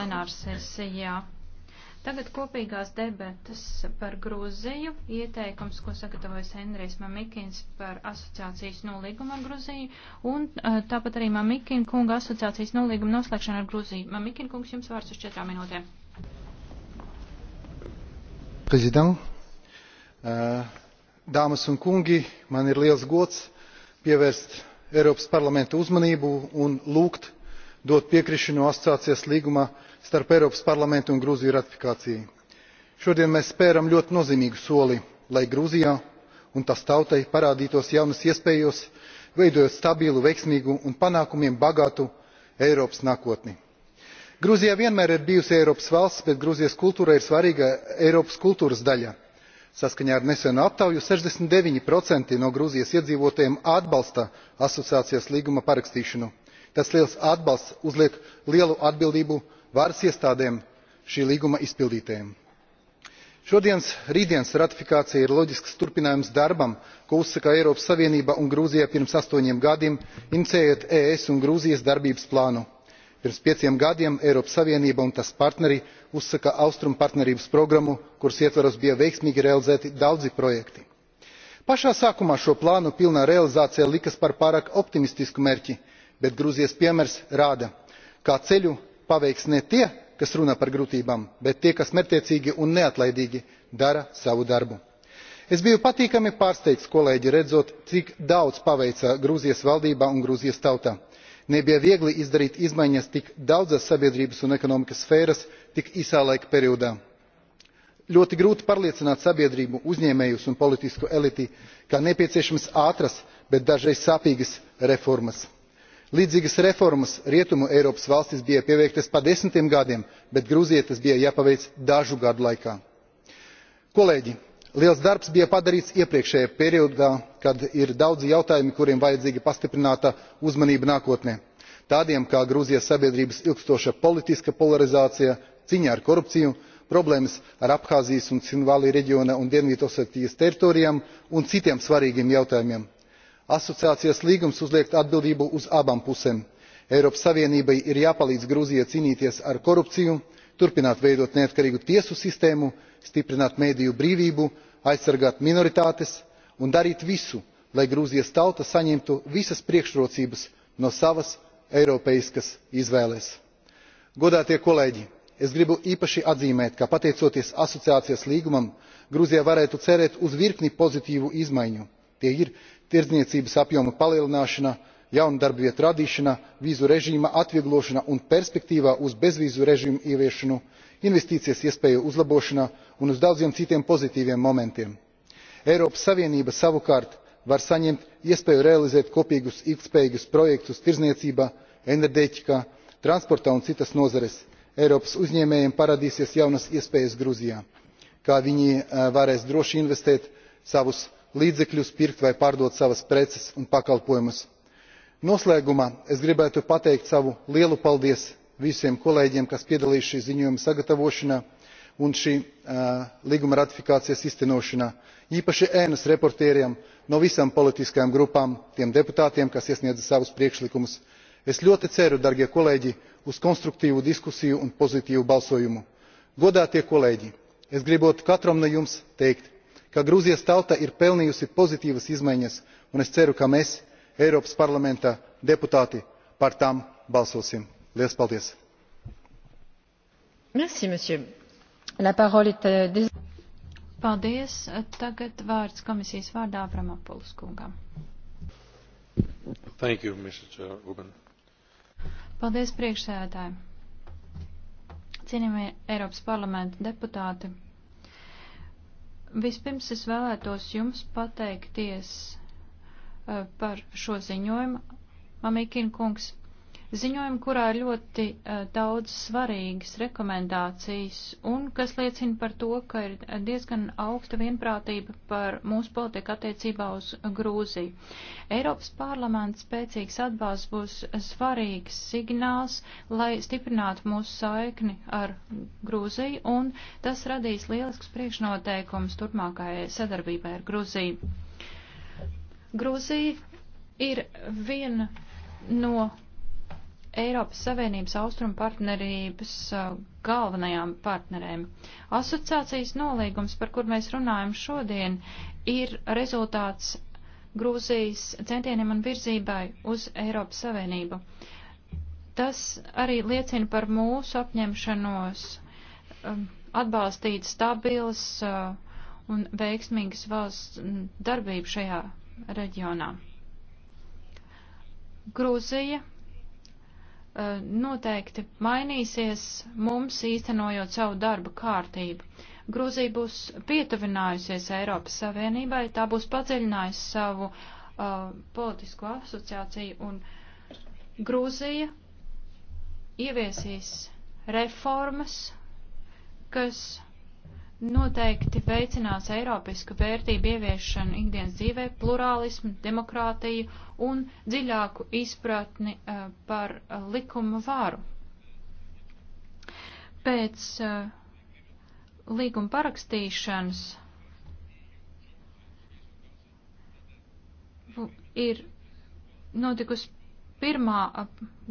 plenāra sesijā. Tagad kopīgās debatas par Grūziju, ieteikums, ko sagatavojas Henrijs Mamikins par asociācijas nolīgumu ar Grūziju, un eh, tāpat arī Mamikina kunga asociācijas nolīgumu noslēgšanu ar Grūziju. Mamikina kungs, jums vārds uz četrām minūtēm. Prezident, eh, dāmas un kungi, man ir liels gods pievērst Eiropas parlamenta uzmanību un lūgt dot piekrišanu asociācijas līguma starp eiropas parlamentu un grūziju ratifikācijai. šodien mēs spēram ļoti nozīmīgu soli lai grūzijā un tās tautai parādītos jaunas iespējas veidojot stabilu veiksmīgu un panākumiem bagātu eiropas nākotni. grūzija vienmēr ir bijusi eiropas valsts bet grūzijas kultūra ir svarīga eiropas kultūras daļa. saskaņā ar nesenu aptauju sešdesmit deviņi no grūzijas iedzīvotājiem atbalsta asociācijas līguma parakstīšanu. tas liels atbalsts uzliek lielu atbildību varas iestādēm šī līguma izpildītājiem. šodienas rītdienas ratifikācija ir loģisks turpinājums darbam ko uzsāka eiropas savienība un grūzija pirms astoņiem gadiem inicējot es un grūzijas darbības plānu. pirms pieciem gadiem eiropas savienība un tās partneri uzsāka austrumpartnerības programmu kuras ietvaros bija veiksmīgi realizēti daudzi projekti. pašā sākumā šo plānu pilnā realizācija likās par pārāk optimistisku mērķi bet grūzijas piemērs rāda kā ceļu paveiks ne tie kas runā par grūtībām bet tie kas mērķtiecīgi un neatlaidīgi dara savu darbu. es biju patīkami pārsteigts kolēģi redzot cik daudz paveica grūzijas valdība un grūzijas tauta. nebija viegli izdarīt izmaiņas tik daudzas sabiedrības un ekonomikas sfēras tik īsā laika periodā. ļoti grūti pārliecināt sabiedrību uzņēmējus un politisko eliti ka nepieciešamas ātras bet dažreiz sāpīgas reformas līdzīgas reformas rietumu eiropas valstīs bija paveiktas pa desmitiem gadiem bet gruzijai tas bija jāpaveic dažu gadu laikā. kolēģi liels darbs bija padarīts iepriekšējā periodā kad ir daudzi jautājumi kuriem vajadzīga pastiprināta uzmanība nākotnē tādiem kā gruzijas sabiedrības ilgstoša politiska polarizācija cīņa ar korupciju problēmas ar abhāzijas un cchinvali reģiona un dienvidosetijas teritorijām un citiem svarīgiem jautājumiem asociācijas līgums uzliek atbildību uz abām pusēm eiropas savienībai ir jāpalīdz gruzijai cīnīties ar korupciju turpināt veidot neatkarīgu tiesu sistēmu stiprināt mediju brīvību aizsargāt minoritātes un darīt visu lai gruzijas tauta saņemtu visas priekšrocības no savas eiropeiskas izvēles. godātie kolēģi es gribu īpaši atzīmēt ka pateicoties asociācijas līgumam gruzija varētu cerēt uz virkni pozitīvu izmaiņu tie ir tirdzniecības apjoma palielināšana jaunu darba vietu radīšana vīzu režīma atvieglošana un perspektīva uz bezvīzu režīmu ieviešanu investīcijas iespēju uzlabošana un uz daudziem citiem pozitīviem momentiem. eiropas savienība savukārt var saņemt iespēju realizēt kopīgus ilgtspējīgus projektus tirdzniecībā enerģētikā transportā un citās nozarēs. eiropas uzņēmējiem parādīsies jaunas iespējas grūzijā kā viņi eh, varēs droši investēt savus līdzekļus pirkt vai pārdot savas preces un pakalpojumus. noslēgumā es gribētu pateikt savu lielu paldies visiem kolēģiem kas piedalījās šī ziņojuma sagatavošanā un šī līguma ratifikācijas īstenošanā īpaši ēnu referentiem no visām politiskajām grupām tiem deputātiem kas iesniedza savus priekšlikumus. es ļoti ceru darbie kolēģi uz konstruktīvu diskusiju un pozitīvu balsojumu. godātie kolēģi es gribētu katram no jums teikt ka gruzijas tauta ir pelnījusi pozitīvas izmaiņas un es ceru ka mēs eiropas parlamenta deputāti par tām balsosim. liels paldies! Euh, paldies. tagad vārds komisijas vārdā avramopoulos kungam. You, paldies priekšsēdētājai! cienījamie eiropas parlamenta deputāti! Vispirms es vēlētos jums pateikties eh, par šo ziņojumu, Mamikina kungs, ziņojumu, kurā ir ļoti uh, daudz svarīgas rekomendācijas un kas liecina par to, ka ir diezgan augsta vienprātība par mūsu politiku attiecībā uz Grūziju. Eiropas parlaments spēcīgs atbalsts būs svarīgs signāls, lai stiprinātu mūsu saikni ar Grūziju un tas radīs lielisks priekšnoteikums turpmākajai sadarbībai ar Grūziju. Grūzija ir viena no Eiropas Savienības austrumu partnerības uh, galvenajām partnerēm. Asociācijas nolīgums, par kur mēs runājam šodien, ir rezultāts Grūzijas centieniem un virzībai uz Eiropas Savienību. Tas arī liecina par mūsu apņemšanos um, atbalstīt stabilas uh, un veiksmīgas valsts mm, darbību šajā reģionā. Grūzija Eh, noteikti mainīsies mums īstenojot savu darba kārtību. Grūzija būs pietuvinājusies Eiropas Savienībai, tā būs padziļinājusi savu uh, politisko asociāciju un Grūzija ieviesīs reformas, kas noteikti veicinās Eiropisku vērtību ieviešanu ikdienas dzīvē, plurālismu, demokrātiju un dziļāku izpratni uh, par uh, likuma vāru. Pēc uh, līguma parakstīšanas ir notikusi pirmā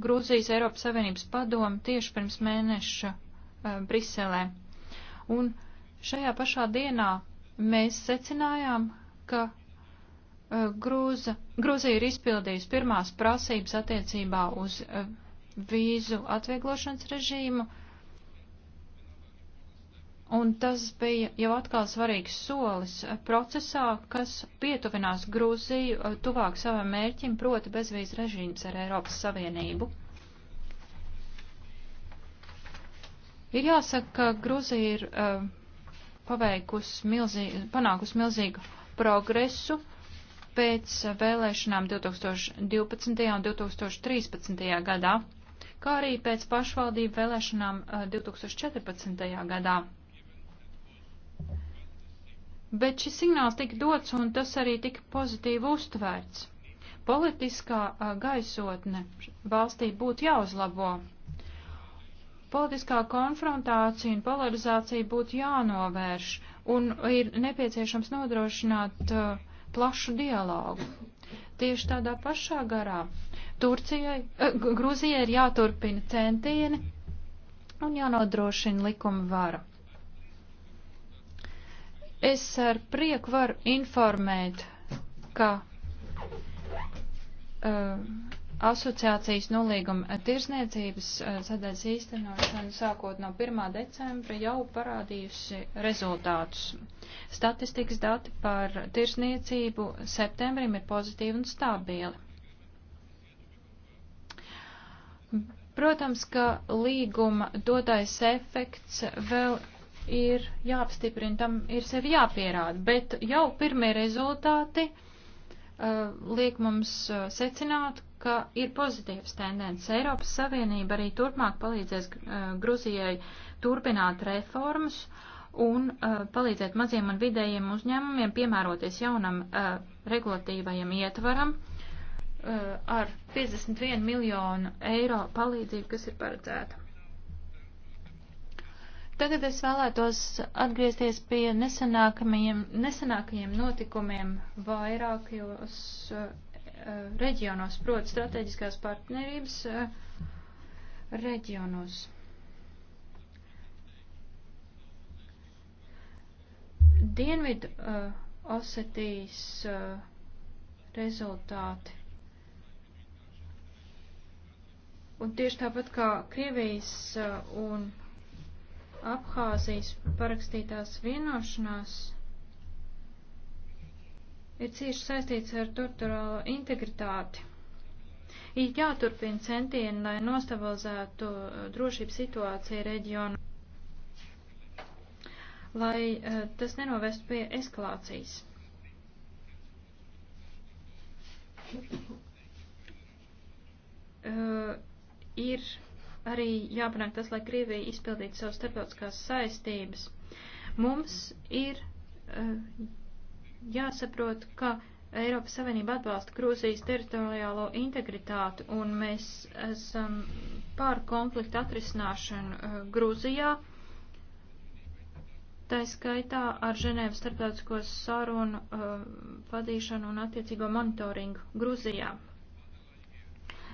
Grūzijas Eiropas Savienības padoma tieši pirms mēneša Briselē. Un uh, Šajā pašā dienā mēs secinājām, ka uh, Grūza, Grūzija ir izpildījusi pirmās prasības attiecībā uz uh, vīzu atvieglošanas režīmu, un tas bija jau atkal svarīgs solis eh, procesā, kas pietuvinās Grūziju uh, tuvāk savam mērķim, proti bezvīzu režīms ar Eiropas Savienību. Ir jāsaka, ka Grūzija ir uh, paveikusi milzīgu, panākusi milzīgu progresu pēc vēlēšanām 2012. un 2013. gadā, kā arī pēc pašvaldību vēlēšanām 2014. Eh, gadā. Bet šis signāls tika dots, un tas arī tika pozitīvi uztvērts. Politiskā eh, gaisotne valstī būtu jāuzlabo. Politiskā konfrontācija un polarizācija būtu jānovērš un ir nepieciešams nodrošināt uh, plašu dialogu. Tieši tādā pašā garā Turcijai, uh, Gruzijai ir jāturpina centieni un jānodrošina likuma vara. Es ar prieku varu informēt, ka uh, asociācijas nolīguma tirzniecības eh, sadaļas īstenošana sākot no 1. decembra jau parādījusi rezultātus. Statistikas dati par tirzniecību septembrim ir pozitīvi un stabili. Protams, ka līguma dotais efekts vēl ir jāapstiprina, tam ir sevi jāpierāda, bet jau pirmie rezultāti uh, liek mums eh, secināt, ka ir pozitīvas tendences. Eiropas Savienība arī turpmāk palīdzēs uh, Gruzijai turpināt reformas un uh, palīdzēt maziem un vidējiem uzņēmumiem piemēroties jaunam uh, regulatīvajam ietvaram uh, ar 51 miljonu eiro palīdzību, kas ir paredzēta. Tagad es vēlētos atgriezties pie nesenākajiem, nesenākajiem notikumiem vairākajos. Uh, Eh, reģionos, proti strateģiskās partnerības eh, reģionos. Dienvidu uh, Osetijas uh, rezultāti. Un tieši tāpat kā Krievijas uh, un Abhāzijas parakstītās vienošanās ir cieši saistīts ar doktorālo integritāti. Ir jāturpina centieni, lai nostabilizētu uh, drošības situāciju reģionu, lai uh, tas nenovest pie eskalācijas. Uh, ir arī jāpanāk tas, lai Krievija izpildītu savas starptautiskās saistības. Mums ir uh, jāsaprot, ka Eiropas Savienība atbalsta Grūzijas teritoriālo integritāti, un mēs esam pār konfliktu atrisināšanu eh, Grūzijā, tā skaitā ar Ženēvas starptautisko sarunu eh, vadīšanu un attiecīgo monitoringu Grūzijā.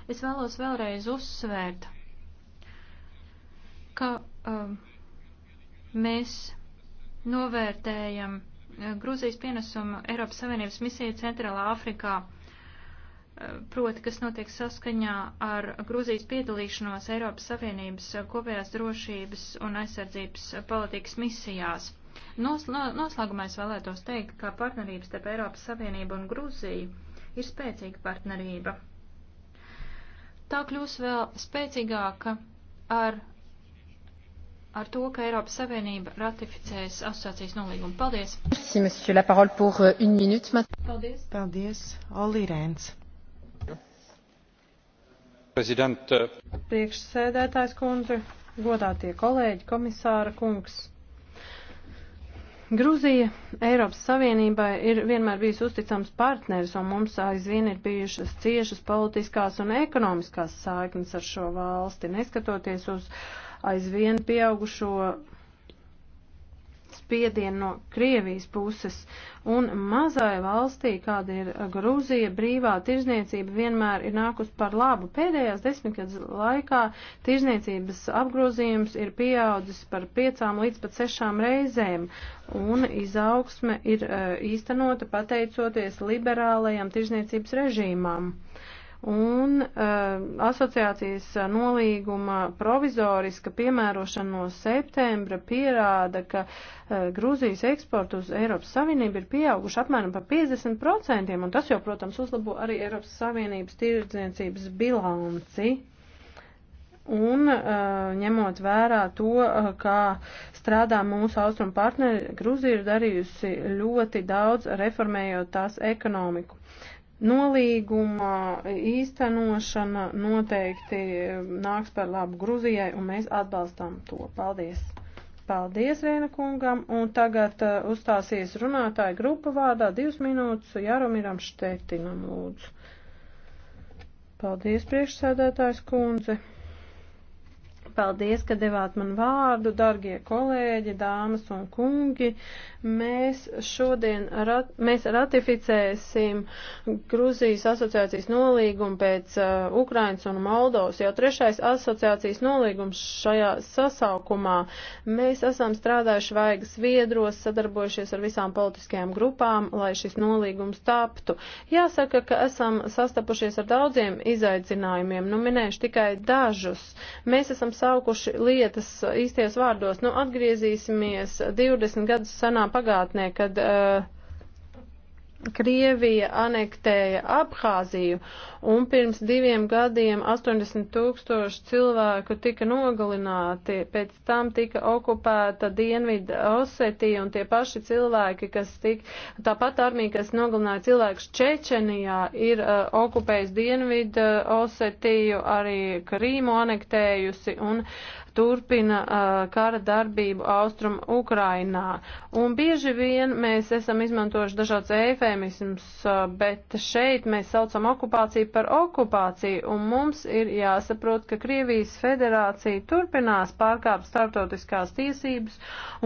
Es vēlos vēlreiz uzsvērt, ka um, mēs novērtējam Grūzijas pienesumu Eiropas Savienības misija Centrālā Afrikā, eh, proti, kas notiek saskaņā ar Grūzijas piedalīšanos Eiropas Savienības kopējās drošības un aizsardzības politikas misijās. Nos, no, noslēgumā es vēlētos teikt, ka partnerības starp Eiropas Savienību un Grūziju ir spēcīga partnerība. Tā kļūs vēl spēcīgāka ar ar to, ka Eiropas Savienība ratificēs asociācijas nolīgumu. Paldies! Euh, Paldies! Paldies! Olī Rēns! Prezidenta. Uh, Priekšsēdētājs kundze, godātie kolēģi, komisāra kungs. Gruzija Eiropas Savienībai ir vienmēr bijusi uzticams partneris, un mums aizvien ir bijušas ciešas politiskās un ekonomiskās saiknes ar šo valsti, neskatoties uz uh, aizvien pieaugušo spiedienu no Krievijas puses, un mazai valstī, kāda ir Grūzija, brīvā tirzniecība vienmēr ir nākus par labu. Pēdējās desmitgadus laikā tirzniecības apgrozījums ir pieaudzis par piecām līdz pat sešām reizēm, un izaugsme ir eh, īstenota pateicoties liberālajam tirzniecības režīmām un uh, asociācijas nolīguma provizoriska piemērošana no septembra pierāda, ka uh, Grūzijas eksports uz Eiropas Savienību ir pieauguši apmēram par 50%, un tas jau, protams, uzlabo arī Eiropas Savienības tirdzniecības bilanci. Un uh, ņemot vērā to, uh, kā strādā mūsu austrumu partneri, Gruzija ir darījusi ļoti daudz reformējot tās ekonomiku. Uh, Nolīguma īstenošana noteikti nāks par labu Gruzijai, un mēs atbalstam to. Paldies! Paldies Rēna kungam, un tagad uh, uzstāsies runātāja grupa vārdā divas minūtes Jaromiram Štetinam lūdzu. Paldies priekšsēdētājs kundze. Paldies, ka devāt man vārdu, dargie kolēģi, dāmas un kungi. Mēs šodien rat, mēs ratificēsim Gruzijas asociācijas nolīgumu pēc uh, Ukrainas un Moldovas. Jau trešais asociācijas nolīgums šajā sasaukumā. Mēs esam strādājuši vaigas viedros, sadarbojušies ar visām politiskajām grupām, lai šis nolīgums taptu. Jāsaka, ka esam sastapušies ar daudziem izaicinājumiem. Nu, minēšu tikai dažus. Mēs esam sastapušies saukuši lietas īstajos vārdos. Nu, atgriezīsimies 20 gadus senā pagātnē, kad uh, Krievija anektēja Abhāziju, un pirms diviem gadiem 80 tūkstoši cilvēku tika nogalināti, pēc tam tika okupēta Dienvida Osetija, un tie paši cilvēki, kas tik, tāpat armija, kas nogalināja cilvēkus Čečenijā, ir uh, okupējusi Dienvida Osetiju, arī Krīmu anektējusi, un turpina uh, kara darbību Austrum Ukrainā. Un bieži vien mēs esam izmantojuši dažāds eifēmisms, uh, bet šeit mēs saucam okupāciju par okupāciju, un mums ir jāsaprot, ka Krievijas federācija turpinās pārkāpt starptautiskās tiesības,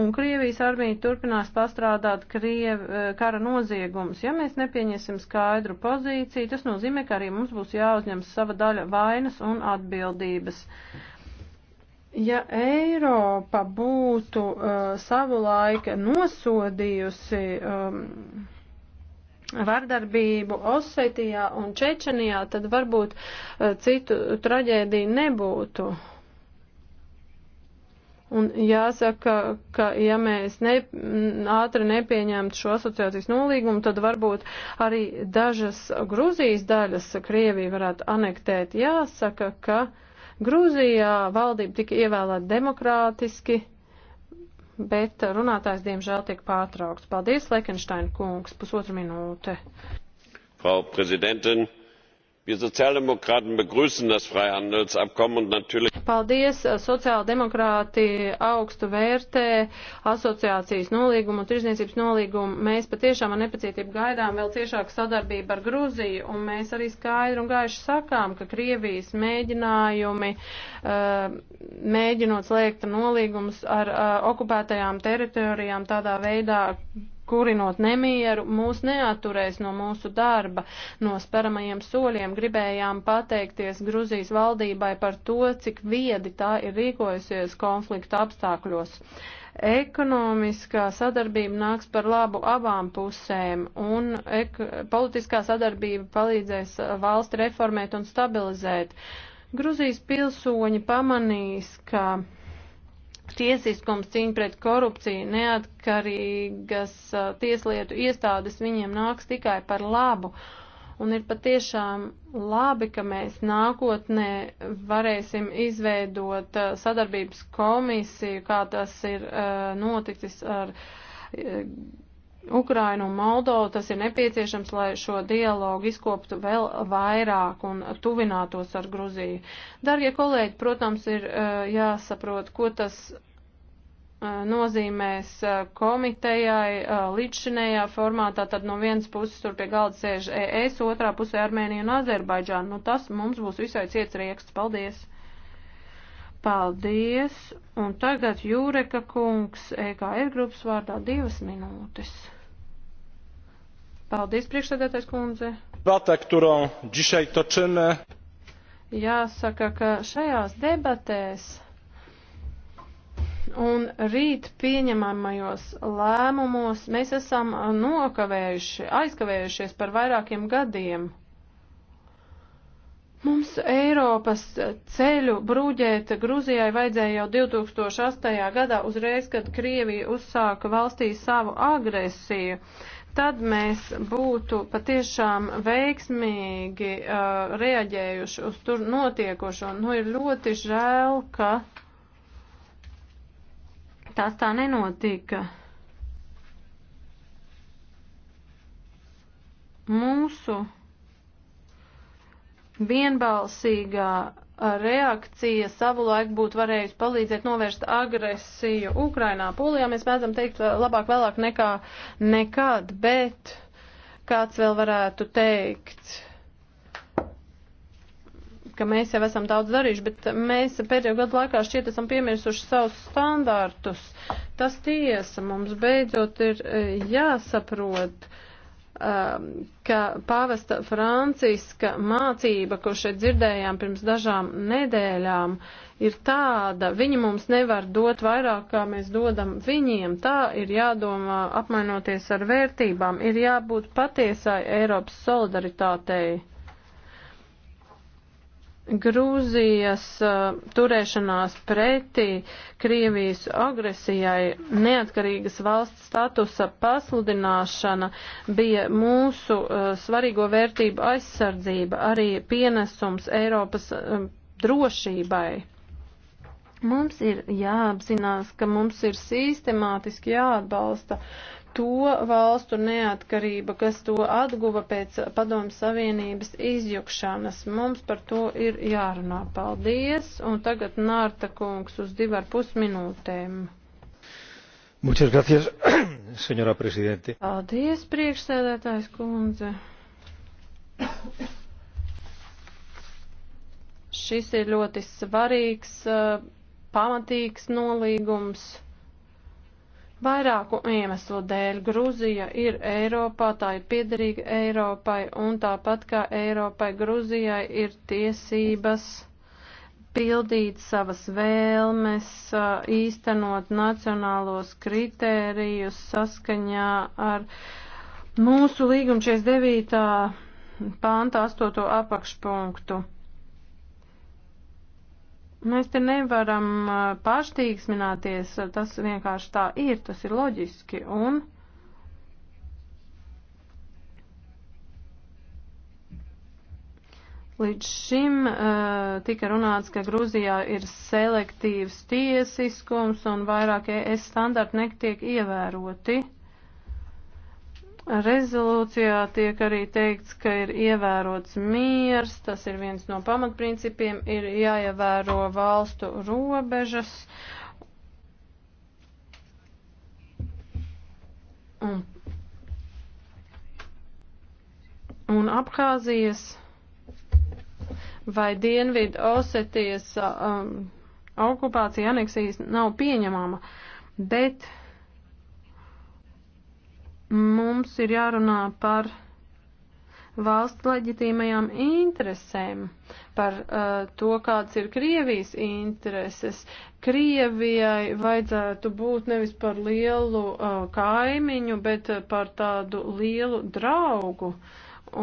un Krievijas armija turpinās pastrādāt Kriev, uh, kara noziegumus. Ja mēs nepieņemsim skaidru pozīciju, tas nozīmē, ka arī mums būs jāuzņem sava daļa vainas un atbildības. Ja Eiropa būtu uh, savu laiku nosodījusi um, vardarbību Osetijā un Čečenijā, tad varbūt uh, citu traģēdiju nebūtu. Un jāsaka, ka ja mēs ne, ātri nepieņemtu šo asociācijas nolīgumu, tad varbūt arī dažas Gruzijas daļas Krievija varētu anektēt. Jāsaka, ka. Uh, Grūzijā valdība tika ievēlēta demokrātiski, bet runātājs diemžēl tiek pārtraukts. Paldies, Lekenštain kungs, pusotru minūte. Frau Präsidentin, wir Sozialdemokraten begrüßen das Freihandelsabkommen und natürlich Paldies! Eh, sociāldemokrāti augstu vērtē asociācijas nolīgumu un tirzniecības nolīgumu. Mēs patiešām ar nepacietību gaidām vēl ciešāku sadarbību ar Gruziju, un mēs arī skaidri un gaiši sakām, ka Krievijas mēģinājumi, eh, mēģinot slēgt nolīgumus ar eh, okupētajām teritorijām tādā veidā, kurinot nemieru, mūs neaturēs no mūsu darba, no sparamajiem soļiem. Gribējām pateikties Gruzijas valdībai par to, cik viedi tā ir rīkojusies konflikta apstākļos. Ekonomiskā sadarbība nāks par labu abām pusēm, un ek politiskā sadarbība palīdzēs valsti reformēt un stabilizēt. Gruzijas pilsoņi pamanīs, ka tiesiskums, cīņa pret korupciju, neatkarīgas tieslietu iestādes viņiem nāks tikai par labu. Un ir patiešām labi, ka mēs nākotnē varēsim izveidot sadarbības komisiju, kā tas ir noticis ar Ukrainu un Moldovu tas ir nepieciešams, lai šo dialogu izkoptu vēl vairāk un tuvinātos ar Gruziju. Dargie kolēģi, protams, ir eh, jāsaprot, ko tas eh, nozīmēs eh, komitejai līdzšinējā formātā, tad no vienas puses tur pie galda sēž ES, otrā pusē Armēnija un Azerbaidžāna. Nu, tas mums būs visai ciets rieksts. Paldies! Paldies! Un tagad Jūreka kungs EKR grupas vārdā divas minūtes. Paldies, priekšsēdētais kundze! Debata, kuru dzisiaj toczymy. Jāsaka, ka šajās debatēs un rīt pieņemamajos lēmumos mēs esam nokavējuši, aizkavējušies par vairākiem gadiem. Mums Eiropas ceļu brūģēt Gruzijai vajadzēja jau 2008. gadā, uzreiz, kad Krievija uzsāka valstī savu agresiju. Tad mēs būtu patiešām veiksmīgi uh, reaģējuši uz tur notiekošo. Nu, ir ļoti žēl, ka tas tā nenotika. Mūsu vienbalsīgā reakcija savulaik būtu varējusi palīdzēt novērst agresiju Ukrainā. Polijā mēs mēdzam teikt labāk vēlāk nekā nekad, bet kāds vēl varētu teikt, ka mēs jau esam daudz darījuši, bet mēs pēdējo gadu laikā šķiet esam piemirsuši savus standārtus. Tas tiesa mums beidzot ir eh, jāsaprot. Uh, Um, ka pāvesta Franciska mācība, ko šeit dzirdējām pirms dažām nedēļām, ir tāda, viņi mums nevar dot vairāk, kā mēs dodam viņiem. Tā ir jādomā apmainoties ar vērtībām, ir jābūt patiesai Eiropas solidaritātei. Grūzijas uh, turēšanās pretī Krievijas agresijai neatkarīgas valsts statusa pasludināšana bija mūsu uh, svarīgo vērtību aizsardzība, arī pienesums Eiropas uh, drošībai. Mums ir jāapzinās, ka mums ir sistemātiski jāatbalsta to valstu neatkarība, kas to atguva pēc padomu savienības izjukšanas. Mums par to ir jārunā. Paldies, un tagad Nārta kungs uz divu ar pus minūtēm. Muchas gracias, señora presidente. Paldies, priekšsēdētājs kundze. Šis ir ļoti svarīgs, eh, pamatīgs nolīgums. Vairāku iemeslu dēļ Grūzija ir Eiropā, tā ir piederīga Eiropai, un tāpat kā Eiropai, Grūzijai ir tiesības pildīt savas vēlmes, īstenot nacionālos kritērijus saskaņā ar mūsu līguma 49. pānta 8. apakšpunktu. Mēs te nevaram pārstīgsmināties, tas vienkārši tā ir, tas ir loģiski. Un Līdz šim uh, tika runāts, ka Grūzijā ir selektīvs tiesiskums un vairāk ES standarti netiek ievēroti. Uh, Rezolūcijā tiek arī teikts, ka ir ievērots miers, tas ir viens no pamatprincipiem, ir jāievēro valstu robežas. Un, un Abhāzijas vai Dienvidu Osetijas um, okupācija aneksijas nav pieņemama, bet Mums ir jārunā par valsts leģitīmajām interesēm, par uh, to, kāds ir Krievijas intereses. Krievijai vajadzētu būt nevis par lielu uh, kaimiņu, bet uh, par tādu lielu draugu.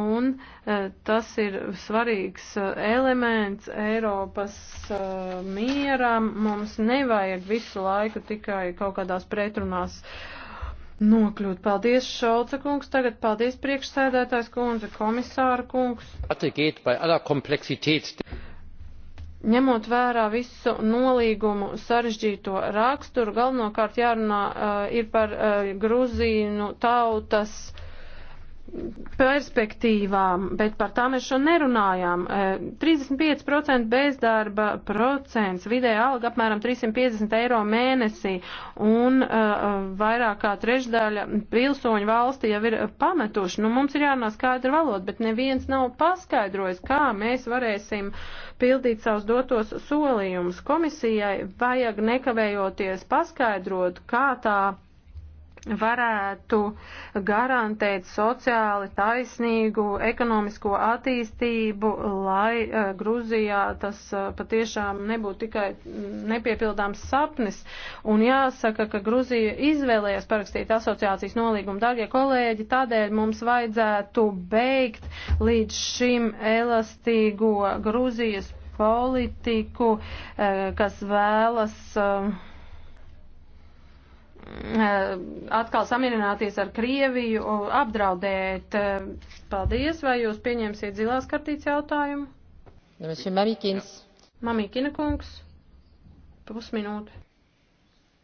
Un uh, tas ir svarīgs uh, elements Eiropas uh, mieram. Mums nevajag visu laiku tikai kaut kādās pretrunās uh, nokļūt. Paldies, Šolca kungs, tagad paldies priekšsēdētājs kundze, komisāra kungs. Atgīt vai alā kompleksitātes. Ņemot vērā visu nolīgumu sarežģīto raksturu, galvenokārt jārunā uh, ir par uh, Gruzīnu tautas uh, perspektīvām, bet par tām mēs šodien nerunājām. 35% e, bezdarba procents, vidēja alga apmēram 350 eiro mēnesī un e, vairāk kā trešdaļa pilsoņu valsti jau ir pametuši. Nu, mums ir jārunā skaidra valoda, bet neviens nav paskaidrojis, kā mēs varēsim pildīt savus dotos solījumus. Komisijai vajag nekavējoties paskaidrot, kā tā varētu garantēt sociāli taisnīgu ekonomisko attīstību, lai uh, Gruzijā tas uh, patiešām nebūtu tikai nepiepildāms sapnis. Un jāsaka, ka Gruzija izvēlējās parakstīt asociācijas nolīgumu. Dārgie kolēģi, tādēļ mums vajadzētu beigt līdz šim elastīgo Gruzijas politiku, uh, kas vēlas. Uh, Eh, atkal samierināties ar Krieviju, apdraudēt. Eh, paldies, vai jūs pieņemsiet zilās kartītes jautājumu? Monsieur Mamikins. Mamikina kungs, pusminūte.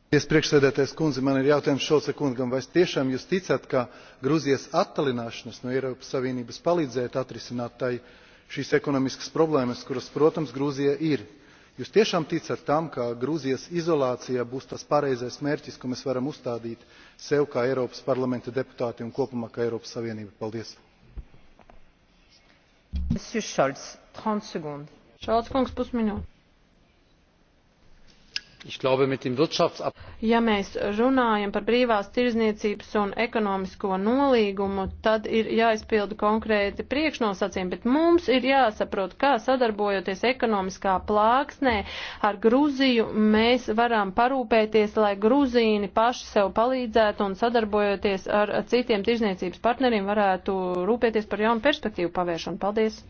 Paldies, priekšsēdētājs kundze. Man ir jautājums Šolce kungam, vai tiešām jūs ticat, ka Grūzijas attalināšanas no Eiropas Savienības palīdzētu atrisināt tai šīs ekonomiskas problēmas, kuras, protams, Grūzija ir? jūs tiešām ticat tam ka grūzijas izolācija būs tas pareizais mērķis ko mēs varam uzstādīt sev kā eiropas parlamenta deputātiem un kopumā kā eiropas savienībai? paldies! Šolts kungs, pusminūte. Ja mēs runājam par brīvās tirzniecības un ekonomisko nolīgumu, tad ir jāizpilda konkrēti priekšnosacījumi, bet mums ir jāsaprot, kā sadarbojoties ekonomiskā plāksnē ar Gruziju, mēs varam parūpēties, lai Gruzīni paši sev palīdzētu un sadarbojoties ar citiem tirzniecības partneriem varētu rūpēties par jaunu perspektīvu pavēršanu. Paldies!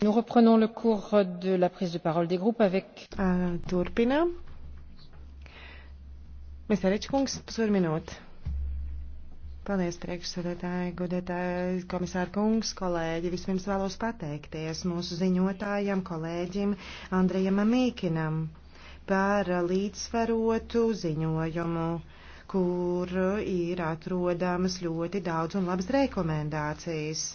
Turpinām. Mēs arī kungs, pusotru minūti. Paldies, priekšsēdētāji, godētāji, komisāra kungs, kolēģi. Vispirms vēlos pateikties mūsu ziņotājam, kolēģim Andrejam Mīkinam par līdzsvarotu ziņojumu, kur ir atrodamas ļoti daudz un labas rekomendācijas.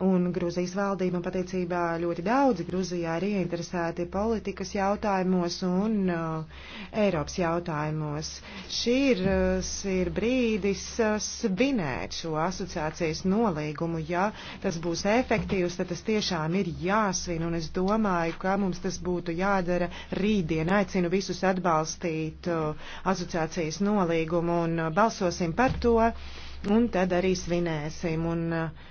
Un Grūzijas valdība un patiecībā ļoti daudzi Grūzijā ir ieinteresēti politikas jautājumos un uh, Eiropas jautājumos. Šis uh, ir brīdis uh, svinēt šo asociācijas nolīgumu. Ja tas būs efektīvs, tad tas tiešām ir jāsvin. Un es domāju, ka mums tas būtu jādara rītdien. Aicinu visus atbalstīt uh, asociācijas nolīgumu un uh, balsosim par to. Un tad arī svinēsim. Un, uh,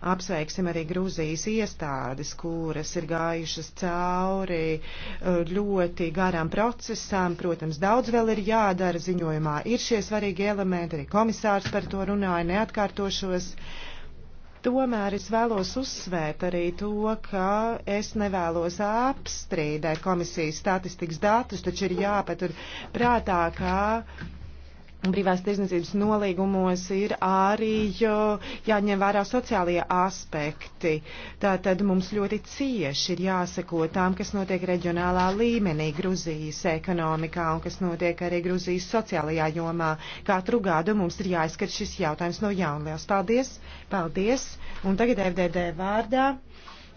Apsveiksim arī Grūzijas iestādes, kuras ir gājušas cauri e, ļoti garām procesām. Protams, daudz vēl ir jādara ziņojumā. Ir šie svarīgi elementi, arī komisārs par to runāja, neatkārtošos. Tomēr es vēlos uzsvērt arī to, ka es nevēlos apstrīdēt komisijas statistikas datus, taču ir jāpatur prātā, ka brīvās tirzniecības nolīgumos ir arī jāņem vērā sociālie aspekti. Tātad mums ļoti cieši ir jāseko tām, kas notiek reģionālā līmenī Gruzijas ekonomikā un kas notiek arī Gruzijas sociālajā jomā. Katru gadu mums ir jāizskat šis jautājums no jauna. Lielas paldies! Paldies! Un tagad FDD vārdā,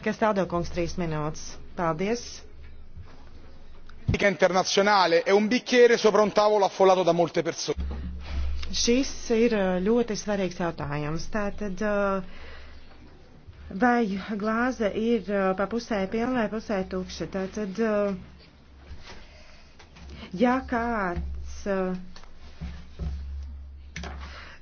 kas tādo kungs trīs minūtes. Paldies! signor presidente onorevoli colleghi la politica internazionale è e un bicchiere sopra un tavolo affollato da molte persone. šis ir eh, ļoti svarīgs jautājums. Tātad, eh, vai glāze ir eh, pa pusē pilna vai pusē tukša? Tātad, ja kāds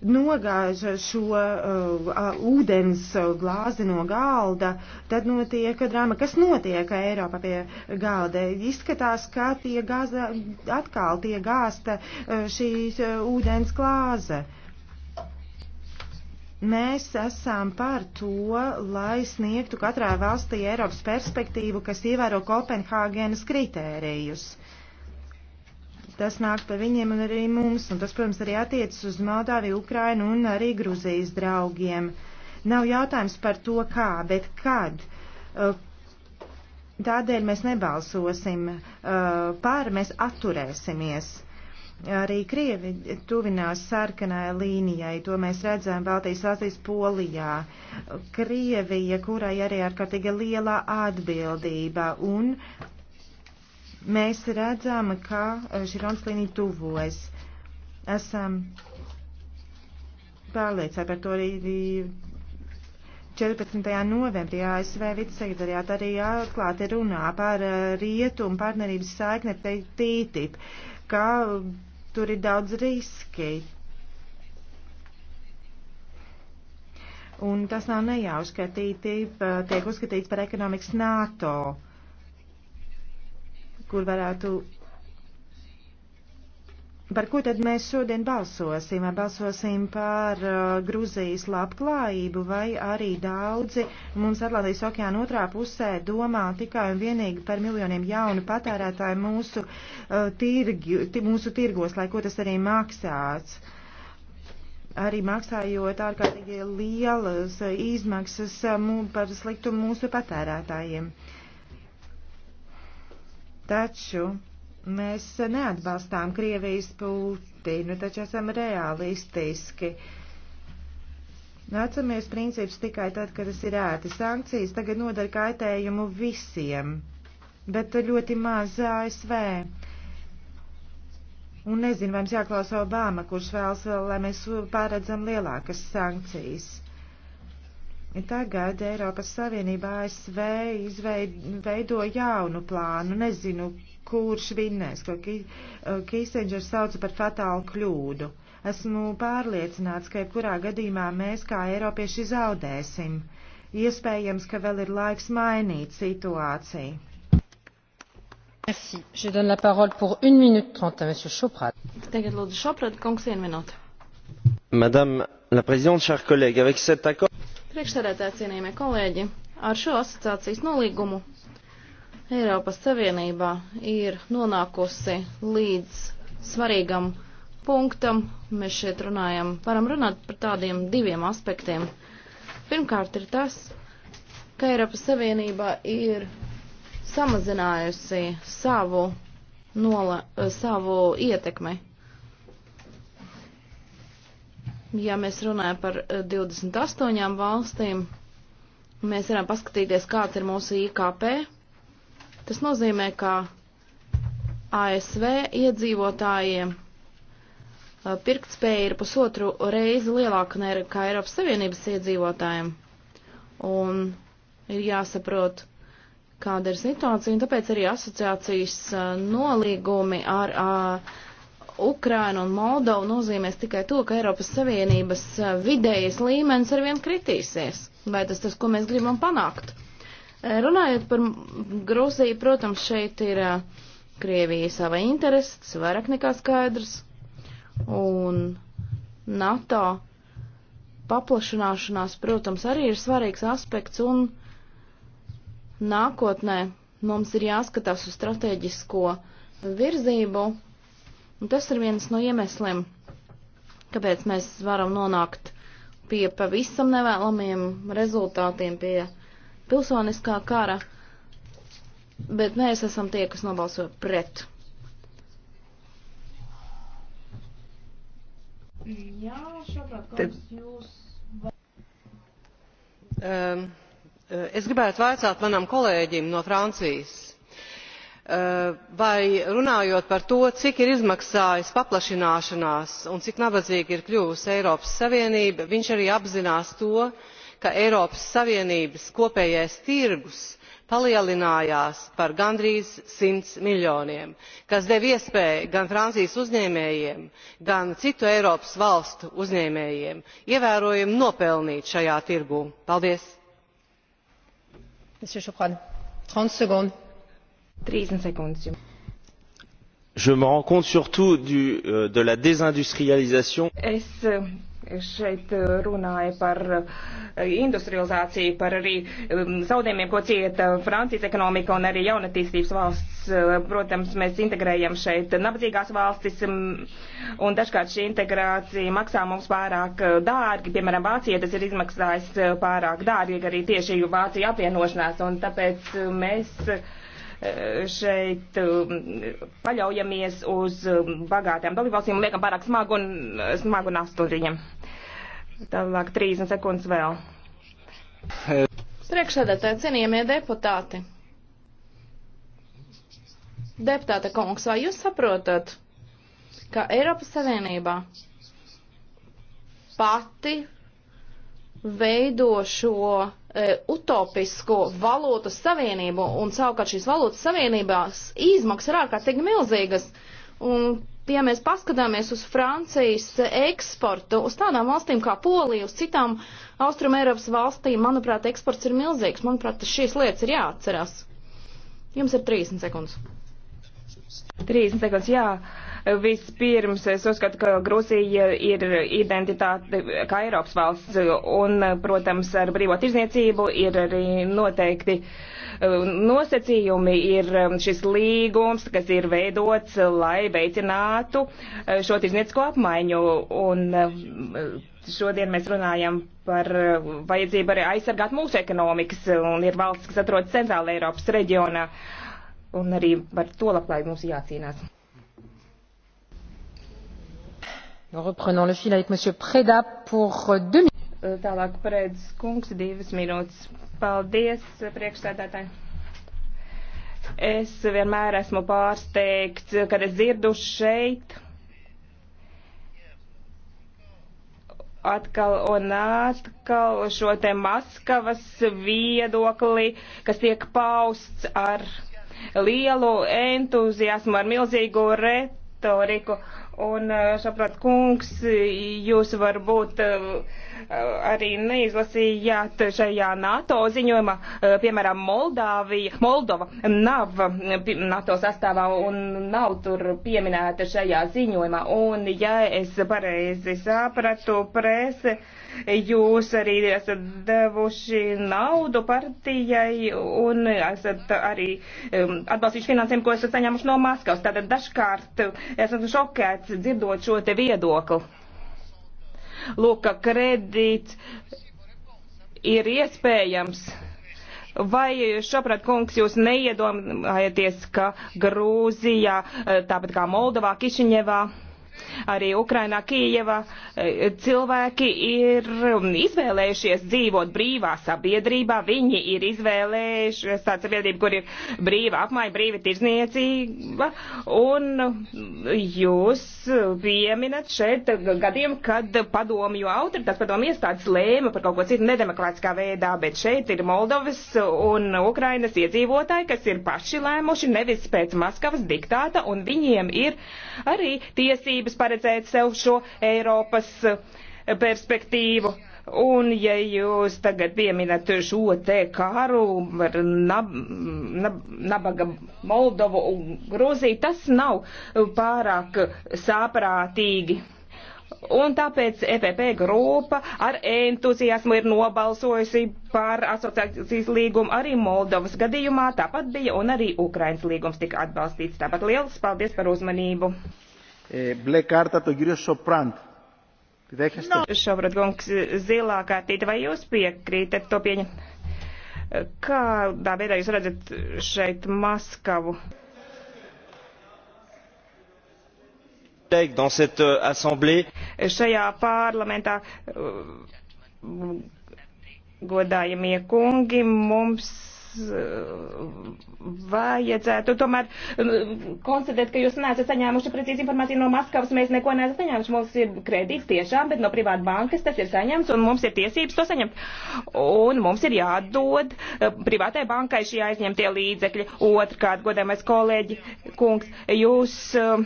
nogāž šo uh, ūdens glāzi no galda, tad notiek drāma, kas notiek Eiropā pie galda. Izskatās, ka tie gāza, atkal tie gāsta uh, šīs uh, ūdens glāze. Mēs esam par to, lai sniegtu katrā valstī Eiropas perspektīvu, kas ievēro Kopenhāgenes kritērijus. Tas nāk pa viņiem un arī mums, un tas, protams, arī attiecas uz Moldāviju, Ukrainu un arī Gruzijas draugiem. Nav jautājums par to, kā, bet kad. Uh, tādēļ mēs nebalsosim uh, pār, mēs atturēsimies arī Krievi tuvinās sarkanai līnijai, to mēs redzam Baltijas valstīs Polijā. Krievija, kurai arī ārkārtīgi lielā atbildība un Mēs redzam, ka eh, šī frontslīnija tuvojas. Esam pārliecināti par to arī 14. novembrī ASV vicesekretariātā arī atklāti runā par eh, rietumu partnerības saikni ar TTIP, ka tur ir daudz riski. Un tas nav nejauši, ka TTIP eh, tiek uzskatīts par ekonomikas NATO kur varētu. Par ko tad mēs šodien balsosim? Vai balsosim par uh, Gruzijas labklājību, vai arī daudzi mums Atlantijas okeāna otrā pusē domā tikai un vienīgi par miljoniem jaunu patērētāju mūsu, uh, tirgi, t, mūsu tirgos, lai ko tas arī maksāts? Uh, arī maksājot ārkārtīgi lielas uh, izmaksas uh, par sliktu mūsu patērētājiem. Uh, Taču mēs neatbalstām Krievijas Putinu, taču esam realistiski. Nācamies princips tikai tad, kad tas ir ērti. Sankcijas tagad nodara kaitējumu visiem, bet ļoti maz ASV. Un nezinu, vai mums jāklausa Obama, kurš vēlas, lai mēs paredzam lielākas sankcijas. Tagad Eiropas Savienība ASV izveido jaunu plānu. Nezinu, kurš vinnēs, ko Kīsendžers eh, sauca par fatālu kļūdu. Esmu pārliecināts, ka jebkurā gadījumā mēs kā Eiropieši zaudēsim. Iespējams, ka vēl ir laiks mainīt situāciju. Merci. Je donne la parole pour 1 minute 30 à Monsieur Choprat. Tagad lūdzu Choprat, kungs, vienu minūti. Madame la Présidente, chers collègues, avec cet accord... Priekšsēdētāji, cienījamie kolēģi, ar šo asociācijas nolīgumu Eiropas Savienībā ir nonākusi līdz svarīgam punktam. Mēs šeit runājam, varam runāt par tādiem diviem aspektiem. Pirmkārt ir tas, ka Eiropas Savienība ir samazinājusi savu, nola, savu ietekmi ja mēs runājam par 28 eh, valstīm, mēs varam paskatīties, kāds ir mūsu IKP. Tas nozīmē, ka ASV iedzīvotājiem eh, pirktspēja ir pusotru reizi lielāka nekā Eiropas Savienības iedzīvotājiem. Un ir jāsaprot, kāda ir situācija, un tāpēc arī asociācijas eh, nolīgumi ar, ar Ukraina un Moldova nozīmēs tikai to, ka Eiropas Savienības vidējas līmenis arvien kritīsies. Vai tas tas, ko mēs gribam panākt? Runājot par Grūziju, protams, šeit ir Krievija sava interesi, tas vairāk nekā skaidrs. Un NATO paplašanāšanās, protams, arī ir svarīgs aspekts un nākotnē mums ir jāskatās uz strateģisko virzību Un tas ir viens no iemesliem, kāpēc mēs varam nonākt pie pavisam nevēlamiem rezultātiem, pie pilsoniskā kara, bet mēs esam tie, kas nobalso pret. Jā, šobrīd, Te... jūs... um, es gribētu vaicāt manam kolēģim no Francijas, Eh, vai runājot par to cik ir izmaksājusi paplašināšanās un cik nabadzīga ir kļuvusi eiropas savienība viņš arī apzinās to ka eiropas savienības kopējais tirgus palielinājās par gandrīz simts miljoniem kas deva iespēju gan francijas uzņēmējiem gan citu eiropas valstu uzņēmējiem ievērojami nopelnīt šajā tirgū. paldies! 30 sekundes jums je me rends compte surtout du, euh, de la désindustrialisation. Es euh, šeit euh, runāju par industrializāciju, par arī um, zaudējumiem, ko cieta Francijas ekonomika un arī jaunatīstības valsts. Uh, protams, mēs integrējam šeit nabadzīgās valstis um, un dažkārt šī integrācija maksā mums pārāk uh, dārgi. Piemēram, Vācija tas ir izmaksājis uh, pārāk dārgi arī tieši Vācija apvienošanās un tāpēc mēs šeit um, paļaujamies uz um, bagātām dalībvalstīm un liekam pārāk smagu, un, uh, smagu nastu viņam. Tālāk 30 sekundes vēl. Priekšsēdētāji, cienījamie deputāti. Deputāta kungs, vai jūs saprotat, ka Eiropas Savienībā pati veido šo E, utopisku valūtu savienību, un savukārt šīs valūtas savienībās izmaksas ir ārkārtīgi milzīgas. Un, ja mēs paskatāmies uz Francijas eksportu, uz tādām valstīm kā Polija, uz citām Austrum Eiropas valstīm, manuprāt, eksports ir milzīgs. Manuprāt, šīs lietas ir jāatcerās. Jums ir 30 sekundes. 30 sekundes, jā. Uh, Vispirms es uzskatu, ka Grūzija ir identitāte kā Eiropas valsts, un, protams, ar brīvo tirzniecību ir arī noteikti uh, nosacījumi, ir um, šis līgums, kas ir veidots, lai veicinātu uh, šo tirzniecko apmaiņu. Un, uh, šodien mēs runājam par vajadzību arī aizsargāt mūsu ekonomikas, un ir valsts, kas atrodas Centrāla Eiropas reģionā, un arī par to labklājību mums jācīnās. Reprenons le fil avec Monsieur Preda pour euh, deux minūtes. Euh, tālāk Prēdas kungs divas minūtes. Paldies, priekšsēdētāji. Es vienmēr esmu pārsteigts, kad es dzirdu šeit atkal un atkal šo te Maskavas viedokli, kas tiek pausts ar lielu entuziasmu, ar milzīgu retoriku. Un, Šaprat eh, kungs, jūs varbūt eh, arī neizlasījāt šajā NATO ziņojumā, eh, piemēram, Moldāvija, Moldova nav eh, NATO sastāvā un nav tur pieminēta šajā ziņojumā. Un, ja es pareizi sapratu presi, jūs arī esat devuši naudu partijai un esat arī atbalstījuši finansēm, ko esat saņēmuši no Maskavas. Tātad dažkārt esmu šokēts dzirdot šo te viedokli lūk, ka kredīts ir iespējams. Vai šobrīd, kungs, jūs neiedomājaties, ka Grūzijā, eh, tāpat kā Moldovā, Kišiņevā, arī Ukrainā, Kijevā e, cilvēki ir um, izvēlējušies dzīvot brīvā sabiedrībā, viņi ir izvēlējušies tādu sabiedrību, kur ir brīva apmaiņa, brīva tirzniecība, un um, jūs pieminat šeit gadiem, kad padomju autoritātes, padomju iestādes lēma par kaut ko citu nedemokrātiskā veidā, bet šeit ir Moldovas un Ukrainas iedzīvotāji, kas ir paši lēmuši nevis pēc Maskavas diktāta, un viņiem ir arī tiesības paredzēt sev šo Eiropas eh, perspektīvu. Un, ja jūs tagad pieminat šo te karu ar nab, nab, nabaga Moldovu un Grūziju, tas nav pārāk sāprātīgi. Un tāpēc EPP grupa ar entuziasmu ir nobalsojusi par asociācijas līgumu arī Moldovas gadījumā, tāpat bija un arī Ukrainas līgums tika atbalstīts. Tāpat liels paldies par uzmanību! μπλε κάρτα τον κύριο Σοπράντ. Τη δέχεστε. No. Šobrad, kungs, zilā kārtīte, vai jūs piekrītat to pieņemt? Kādā veidā jūs redzat šeit Maskavu? Dans cette euh, assemblée. Šajā parlamentā uh, godājamie kungi, mums vajadzētu tomēr um, konstatēt, ka jūs neesat saņēmuši precīzi informāciju no Maskavas. Mēs neko neesam saņēmuši. Mums ir kredīts tiešām, bet no privāta bankas tas ir saņemts un mums ir tiesības to saņemt. Un mums ir jādod uh, privātai bankai šie aizņemtie līdzekļi. Otrkārt, godamais kolēģi, kungs, jūs um,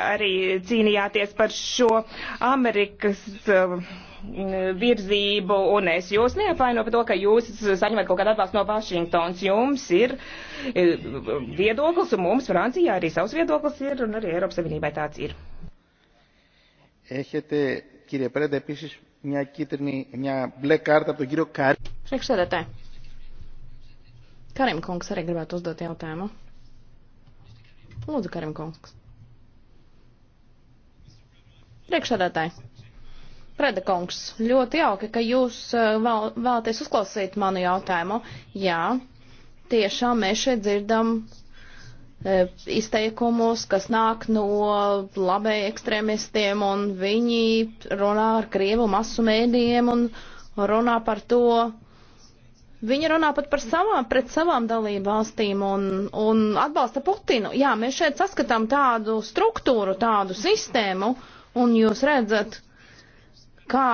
arī cīnījāties par šo Amerikas. Uh, virzību, un es jūs neapvainu par to, ka jūs saņemat kaut kādu atbalstu no Vašingtons. Jums ir e, viedoklis, un mums Francijā arī savs viedoklis ir, un arī Eiropas Savienībai tāds ir. Έχετε, κύριε Πρέντα, επίσης μια, κίτρινη, μια μπλε κάρτα από τον κύριο Κάρι. Priekšsēdētāji, Karim kungs arī gribētu uzdot jautājumu. Lūdzu, Karim kungs. Priekšsēdētāji, Preda kungs, ļoti jauki, ka jūs eh, vēl, vēlaties uzklausīt manu jautājumu. Jā, tiešām mēs šeit dzirdam eh, izteikumus, kas nāk no labēji ekstrēmistiem, un viņi runā ar krievu masu mēdījiem un runā par to. Viņi runā pat par savām, pret savām dalību valstīm un, un atbalsta Putinu. Jā, mēs šeit saskatām tādu struktūru, tādu sistēmu, un jūs redzat, kā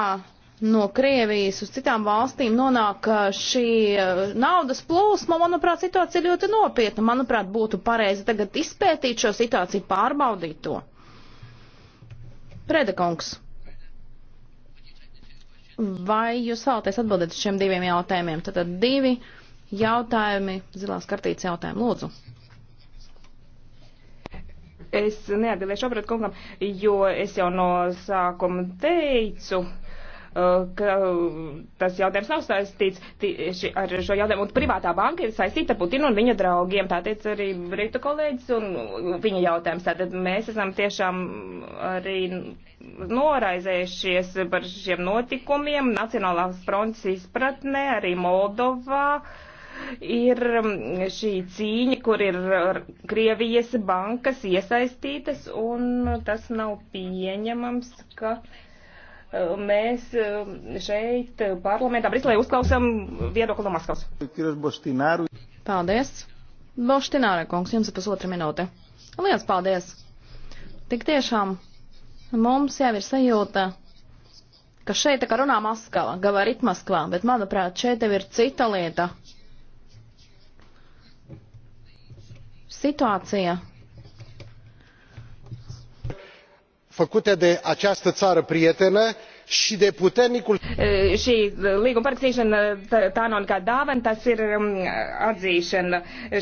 no Krievijas uz citām valstīm nonāk uh, šī uh, naudas plūsma, manuprāt, situācija ir ļoti nopietna. Manuprāt, būtu pareizi tagad izpētīt šo situāciju, pārbaudīt to. Predekungs, vai jūs vēlaties atbildēt uz šiem diviem jautājumiem? Tātad divi jautājumi, zilās kartītes jautājumu, lūdzu. Es neatbildēšu Obrata kungam, jo es jau no sākuma teicu, uh, ka tas jautājums nav saistīts tieši ar šo jautājumu. Un privātā banka ir saistīta Putina un viņa draugiem, tā teica arī Britu kolēģis un viņa jautājums. Tātad mēs esam tiešām arī noraizējušies par šiem notikumiem Nacionālās fronts izpratnē, arī Moldovā. Uh, ir mm, šī cīņa, kur ir Krievijas bankas iesaistītas, un tas nav pieņemams, ka e, mēs e, šeit parlamentā Briselē uzklausām viedokli no Maskavas. Paldies! Boštināra kungs, jums ir pusotra minūte. Liels paldies! Tik tiešām mums jau ir sajūta, ka šeit tā kā runā Maskava, gavarīt Maskvā, bet manuprāt, šeit jau ir cita lieta. Situația făcute de această țară prietenă și de puternicul. šī līguma parakstīšana tā nav nekāda dāvana, tas ir um, atzīšana.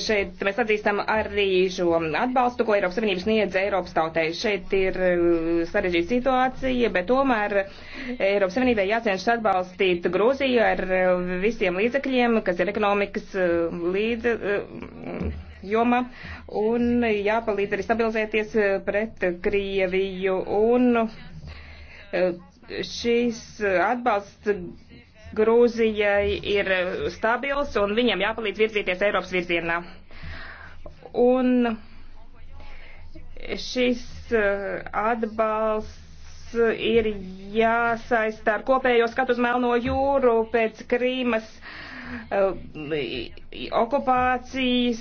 Šeit mēs atzīstam arī šo atbalstu, ko Eiropas Savienības sniedz Eiropas tautai. Šeit ir uh, sarežģīta situācija, bet tomēr Eiropas Savienībai jācenšas atbalstīt Grūziju ar uh, visiem līdzekļiem, kas ir ekonomikas uh, līdz jomā un jāpalīdz arī stabilizēties eh, pret Krieviju. Un eh, šīs atbalsts Grūzijai ir stabils un viņam jāpalīdz virzīties Eiropas virzienā. Un šis eh, atbalsts ir jāsaista ar kopējo skatu uz Melno jūru pēc Krīmas okupācijas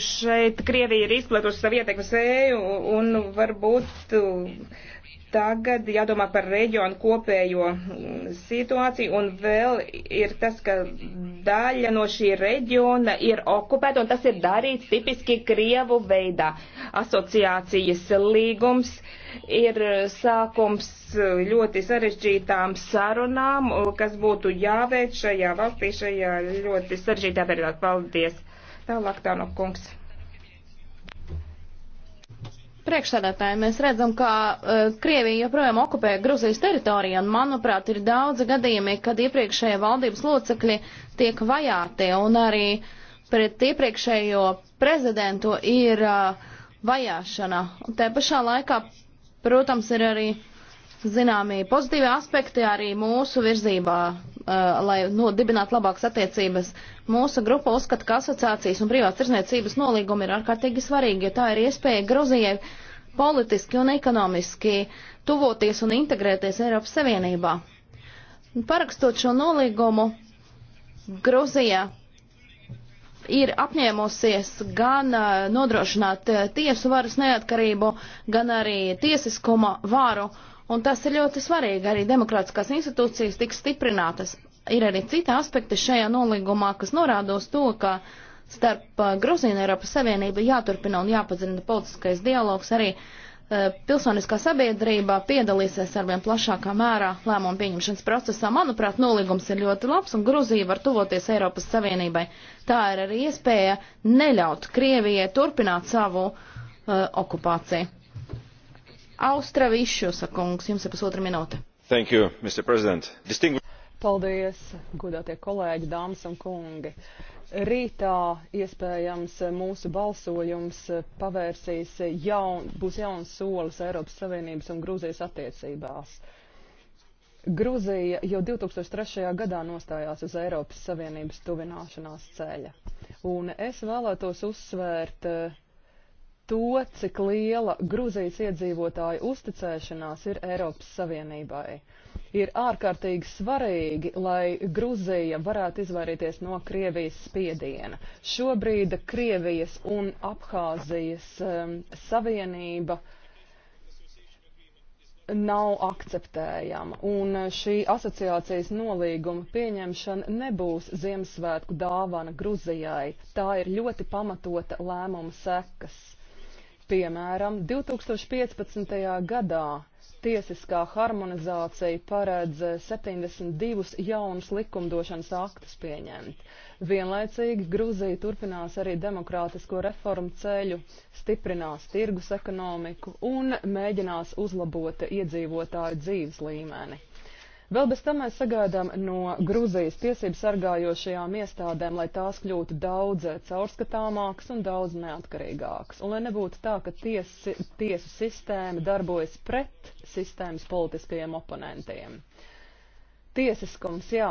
šeit Krievija ir izplatusi savu ietekmes vēju un varbūt tagad jādomā par reģionu kopējo situāciju un vēl ir tas, ka daļa no šī reģiona ir okupēta un tas ir darīts tipiski Krievu veidā. Asociācijas līgums ir sākums ļoti sarežģītām sarunām, kas būtu jāveic šajā valstī, šajā ļoti sarežģītā periodā. Paldies! Tālāk Tāno kungs. Priekšsēdētāji, mēs redzam, ka uh, Krievija joprojām okupē Gruzijas teritoriju, un, manuprāt, ir daudzi gadījumi, kad iepriekšējie valdības locekļi tiek vajāti, un arī pret iepriekšējo prezidentu ir uh, vajāšana. Un te pašā laikā, protams, ir arī zināmie pozitīvi aspekti arī mūsu virzībā Uh, lai nodibinātu labākas attiecības. Mūsu grupa uzskata, ka asociācijas un privātas tirzniecības nolīgumi ir ārkārtīgi svarīgi, jo tā ir iespēja Gruzijai politiski un ekonomiski tuvoties un integrēties Eiropas Savienībā. Parakstot šo nolīgumu, Gruzija ir apņēmusies gan uh, nodrošināt uh, tiesu varas neatkarību, gan arī tiesiskuma vāru Un tas ir ļoti svarīgi. Arī demokrātiskās institūcijas tiks stiprinātas. Ir arī citi aspekti šajā nolīgumā, kas norāda uz to, ka starp uh, Gruziju un Eiropas Savienību jāturpina un jāpadzina politiskais dialogs. Arī uh, pilsoniskā sabiedrība piedalīsies ar vien plašākā mērā lēmumu pieņemšanas procesā. Manuprāt, nolīgums ir ļoti labs un Gruzija var tuvoties Eiropas Savienībai. Tā ir arī iespēja neļaut Krievijai turpināt savu uh, okupāciju. Austravišķusa kungs, jums ir pusotra minūte. Thank you, Mr. President. Distingu... Paldies, godātie kolēģi, dāmas un kungi. Rītā iespējams mūsu balsojums pavērsīs jaun, būs jauns solis Eiropas Savienības un Grūzijas attiecībās. Gruzija jau 2003. gadā nostājās uz Eiropas Savienības tuvināšanās ceļa. Un es vēlētos uzsvērt uh, to, cik liela Gruzijas iedzīvotāju uzticēšanās ir Eiropas Savienībai. Ir ārkārtīgi svarīgi, lai Gruzija varētu izvairīties no Krievijas spiediena. Šobrīd Krievijas un Abhāzijas um, savienība nav akceptējama, un uh, šī asociācijas nolīguma pieņemšana nebūs Ziemassvētku dāvana Gruzijai. Tā ir ļoti pamatota lēmuma sekas. Piemēram, 2015. gadā tiesiskā harmonizācija paredz 72 eh, jaunus likumdošanas aktus pieņemt. Vienlaicīgi Gruzija turpinās arī demokrātisko reformu ceļu, stiprinās tirgus ekonomiku un mēģinās uzlabot iedzīvotāju dzīves līmeni. Vēl bez tam mēs sagaidām no Gruzijas tiesību sargājošajām iestādēm, lai tās kļūtu daudz caurskatāmākas un daudz neatkarīgākas. Un lai nebūtu tā, ka tiesi, tiesu sistēma darbojas pret sistēmas politiskajiem oponentiem. Tiesiskums, jā.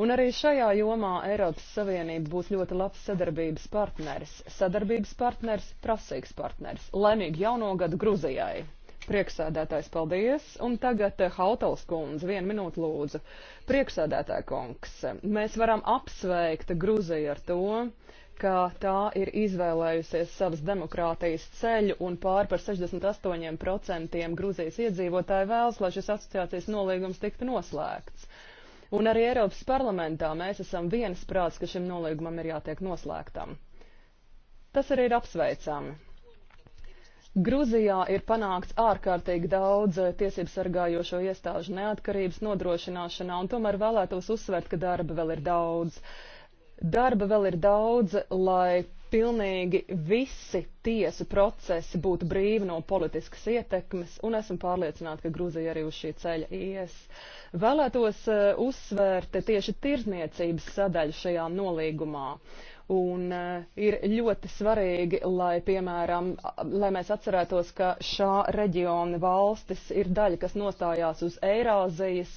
Un arī šajā jomā Eiropas Savienība būs ļoti labs sadarbības partneris. Sadarbības partneris, prasīgs partneris. Laimīgi jauno gadu Gruzijai! Prieksēdētājs, paldies! Un tagad eh, Hautals kundze, vienu minūtu lūdzu. Prieksēdētāja kungs, mēs varam apsveikt Gruziju ar to, ka tā ir izvēlējusies savas demokrātijas ceļu un pār par 68% Gruzijas iedzīvotāju vēlas, lai šis asociācijas nolīgums tiktu noslēgts. Un arī Eiropas parlamentā mēs esam viensprāts, ka šim nolīgumam ir jātiek noslēgtam. Tas arī ir apsveicami. Gruzijā ir panākts ārkārtīgi daudz eh, tiesību sargājošo iestāžu neatkarības nodrošināšanā, un tomēr vēlētos uzsvērt, ka darba vēl ir daudz. Darba vēl ir daudz, lai pilnīgi visi tiesu procesi būtu brīvi no politiskas ietekmes, un esmu pārliecināta, ka Gruzija arī uz šī ceļa ies. Vēlētos uh, uzsvērt tieši tirzniecības sadaļu šajā nolīgumā. Uh, Un eh, ir ļoti svarīgi, lai, piemēram, lai mēs atcerētos, ka šā reģiona valstis ir daļa, kas nostājās uz Eirāzijas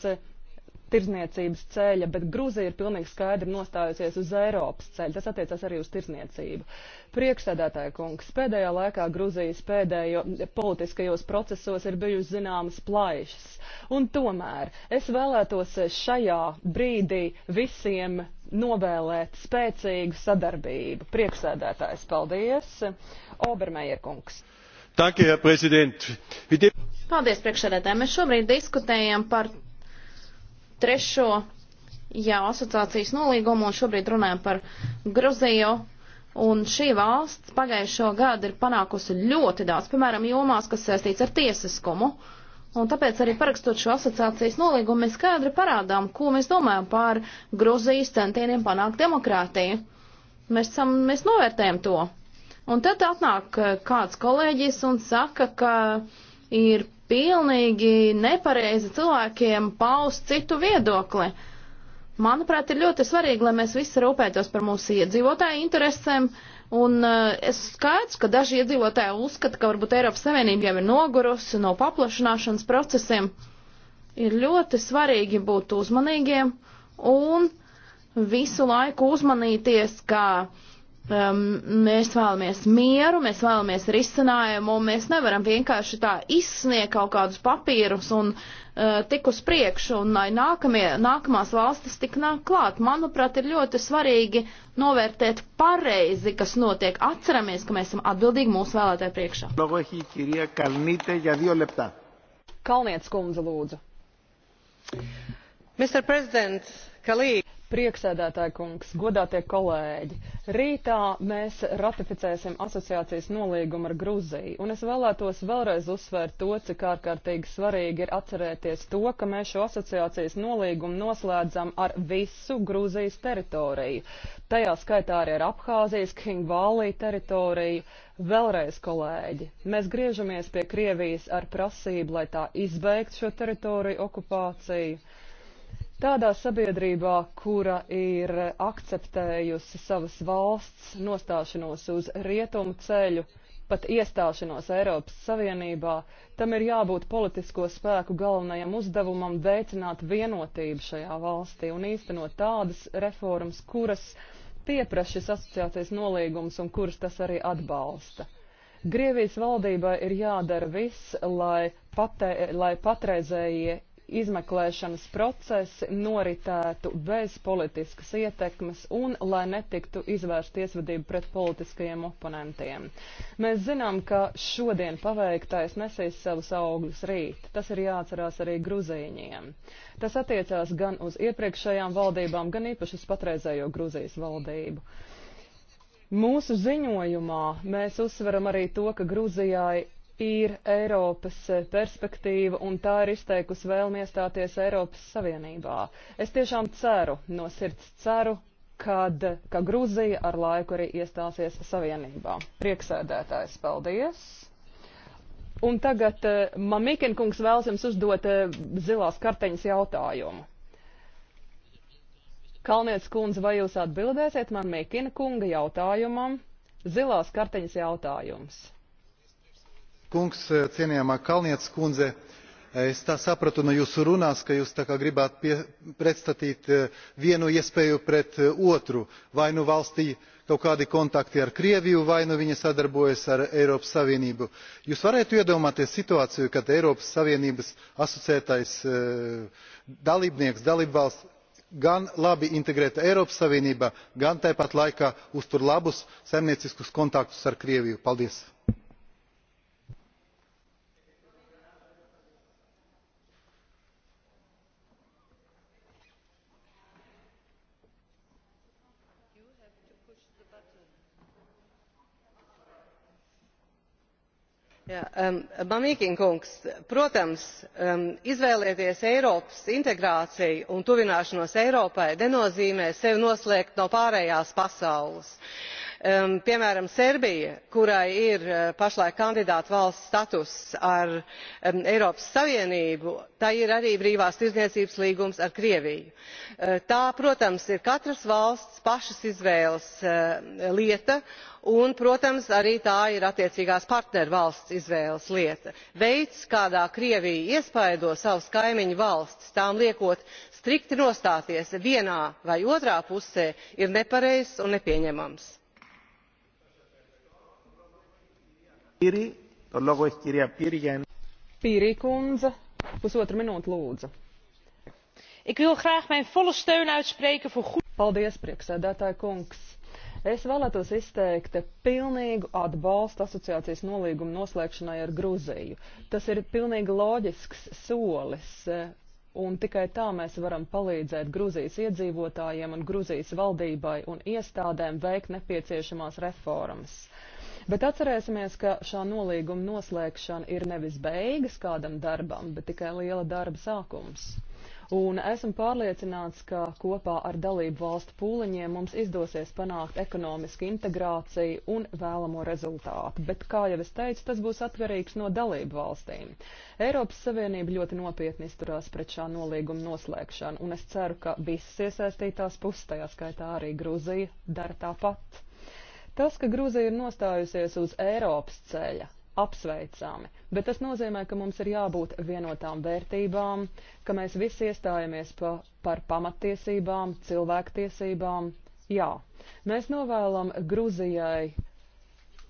tirzniecības ceļa, bet Gruzija ir pilnīgi skaidri nostājusies uz Eiropas ceļa. Tas attiecas arī uz tirzniecību. Priekšsēdētāja kungs, pēdējā laikā Gruzijas pēdējo politiskajos procesos ir bijusi zināmas plaišas. Un tomēr es vēlētos šajā brīdī visiem novēlēt spēcīgu sadarbību. Priekšsēdētājs, paldies! Obermeier kungs. Danke, Herr Präsident. Paldies, priekšsēdētāji. Mēs šobrīd diskutējam par trešo jā, asociācijas nolīgumu, un šobrīd runājam par Gruziju. Un šī valsts pagājušo gadu ir panākusi ļoti daudz, piemēram, jomās, kas saistīts ar tiesiskumu. Un tāpēc arī parakstot šo asociācijas nolīgumu, mēs skaidri parādām, ko mēs domājam par Gruzijas centieniem panākt demokrātiju. Mēs, sam, mēs novērtējam to. Un tad atnāk eh, kāds kolēģis un saka, ka ir pilnīgi nepareizi cilvēkiem paust citu viedokli. Manuprāt, ir ļoti svarīgi, lai mēs visi rūpētos par mūsu iedzīvotāju interesēm, un uh, es skaidrs, ka daži iedzīvotāji uzskata, ka varbūt Eiropas Savienība jau ir nogurusi no paplašanāšanas procesiem. Ir ļoti svarīgi būt uzmanīgiem un visu laiku uzmanīties, ka uh, Um, mēs vēlamies mieru, mēs vēlamies risinājumu, un mēs nevaram vienkārši tā izsniegt kaut kādus papīrus un uh, tik uz priekšu, un lai nākamie, nākamās valstis tik nāk klāt. Manuprāt, ir ļoti svarīgi novērtēt pareizi, kas notiek. Atceramies, ka mēs esam atbildīgi mūsu vēlētāju priekšā. Kalnietes kundze, lūdzu. Mr. President, kolēģi. Prieksēdētāja kungs, godātie kolēģi, rītā mēs ratificēsim asociācijas nolīgumu ar Gruziju, un es vēlētos vēlreiz uzsvērt to, cik ārkārtīgi svarīgi ir atcerēties to, ka mēs šo asociācijas nolīgumu noslēdzam ar visu Gruzijas teritoriju. Tajā skaitā arī ar Abhāzijas, Kingvālī teritoriju. Vēlreiz, kolēģi, mēs griežamies pie Krievijas ar prasību, lai tā izbeigtu šo teritoriju okupāciju Tādā sabiedrībā, kura ir akceptējusi savas valsts nostāšanos uz rietumu ceļu, pat iestāšanos Eiropas Savienībā, tam ir jābūt politisko spēku galvenajam uzdevumam veicināt vienotību šajā valstī un īstenot tādas reformas, kuras pieprasa šis asociācijas nolīgums un kuras tas arī atbalsta. Grievijas valdībai ir jādara viss, lai, patē, lai patreizējie izmeklēšanas procesi noritētu bez politiskas ietekmes un lai netiktu izvērst iesvedību pret politiskajiem oponentiem. Mēs zinām, ka šodien paveiktais nesīs savus augļus rīt. Tas ir jāatcerās arī gruzīņiem. Tas attiecās gan uz iepriekšējām valdībām, gan īpaši uz patreizējo Gruzijas valdību. Mūsu ziņojumā mēs uzsveram arī to, ka Gruzijai ir Eiropas eh, perspektīva un tā ir izteikusi vēlmi iestāties Eiropas Savienībā. Es tiešām ceru, no sirds ceru, kad, ka Gruzija ar laiku arī iestāsies Savienībā. Prieksēdētājs, paldies! Un tagad eh, Mamikinkungs vēlas jums uzdot eh, zilās karteņas jautājumu. Kalnietis kundze, vai jūs atbildēsiet man Mikina kunga jautājumam? Zilās karteņas jautājums kungs eh, cienījamā kalnietes kundze eh, es tā sapratu no jūsu runas ka jūs gribētu pretstatīt eh, vienu iespēju pret otru vai nu valstī ir kaut kādi kontakti ar krieviju vai nu viņa sadarbojas ar eiropas savienību. jūs varētu iedomāties situāciju kad eiropas savienības asociētais dalībnieks dalībvalsts gan labi integrēta eiropas savienībā gan tāpat laikā uztur labus saimnieciskus kontaktus ar krieviju? paldies! mamīkin kungs protams izvēlēties eiropas integrāciju un tuvināšanos eiropai nenozīmē sevi noslēgt no pārējās pasaules piemēram serbija kurai ir eh, pašlaik kandidātvalsts status ar eiropas savienību tai ir arī brīvās tirdzniecības līgums ar krieviju. Eh, tā protams ir katras valsts pašas izvēles eh, lieta un protams arī tā ir attiecīgās partnervalsts izvēles lieta. veids kādā krievija iespaido savas kaimiņu valstis tām liekot strikti nostāties vienā vai otrā pusē ir nepareizs un nepieņemams. Pīrī kundze, pusotru minūtu lūdzu. Ik wil graag mijn volle steun uitspreken voor goed. Paldies, prieksēdētāja kungs. Es vēlētos izteikt pilnīgu atbalstu asociācijas nolīguma noslēgšanai ar Gruziju. Tas ir pilnīgi loģisks solis, un tikai tā mēs varam palīdzēt Gruzijas iedzīvotājiem un Gruzijas valdībai un iestādēm veikt nepieciešamās reformas. Bet atcerēsimies, ka šā nolīguma noslēgšana ir nevis beigas kādam darbam, bet tikai liela darba sākums. Un esmu pārliecināts, ka kopā ar dalību valstu pūliņiem mums izdosies panākt ekonomisku integrāciju un vēlamo rezultātu. Bet, kā jau es teicu, tas būs atkarīgs no dalību valstīm. Eiropas Savienība ļoti nopietni izturās pret šā nolīguma noslēgšanu, un es ceru, ka visas iesaistītās puses, tajā skaitā arī Gruzija, dara tāpat. Tas, ka Gruzija ir nostājusies uz Eiropas ceļa, apsveicami, bet tas nozīmē, ka mums ir jābūt vienotām vērtībām, ka mēs visi iestājamies pa, par pamatiesībām, cilvēktiesībām. Jā, mēs novēlam Gruzijai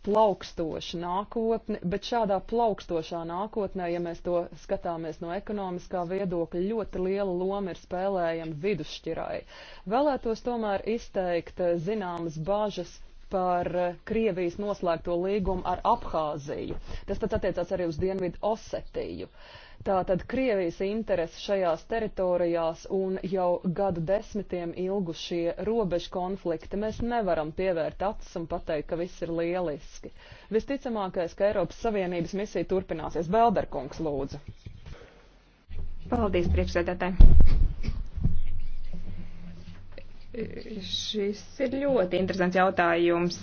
plaukstošu nākotni, bet šādā plaukstošā nākotnē, ja mēs to skatāmies no ekonomiskā viedokļa, ļoti liela loma ir spēlējama vidusšķirai. Vēlētos tomēr izteikt eh, zināmas bažas par eh, Krievijas noslēgto līgumu ar Abhāziju. Tas pats attiecās arī uz Dienvidu Osetiju. Tātad Krievijas interesi šajās teritorijās un jau gadu desmitiem ilgušie robežu konflikti mēs nevaram pievērt acis un pateikt, ka viss ir lieliski. Visticamākais, ka Eiropas Savienības misija turpināsies. Belderkungs lūdzu. Paldies, priekšsēdētāji. Šis ir ļoti interesants jautājums.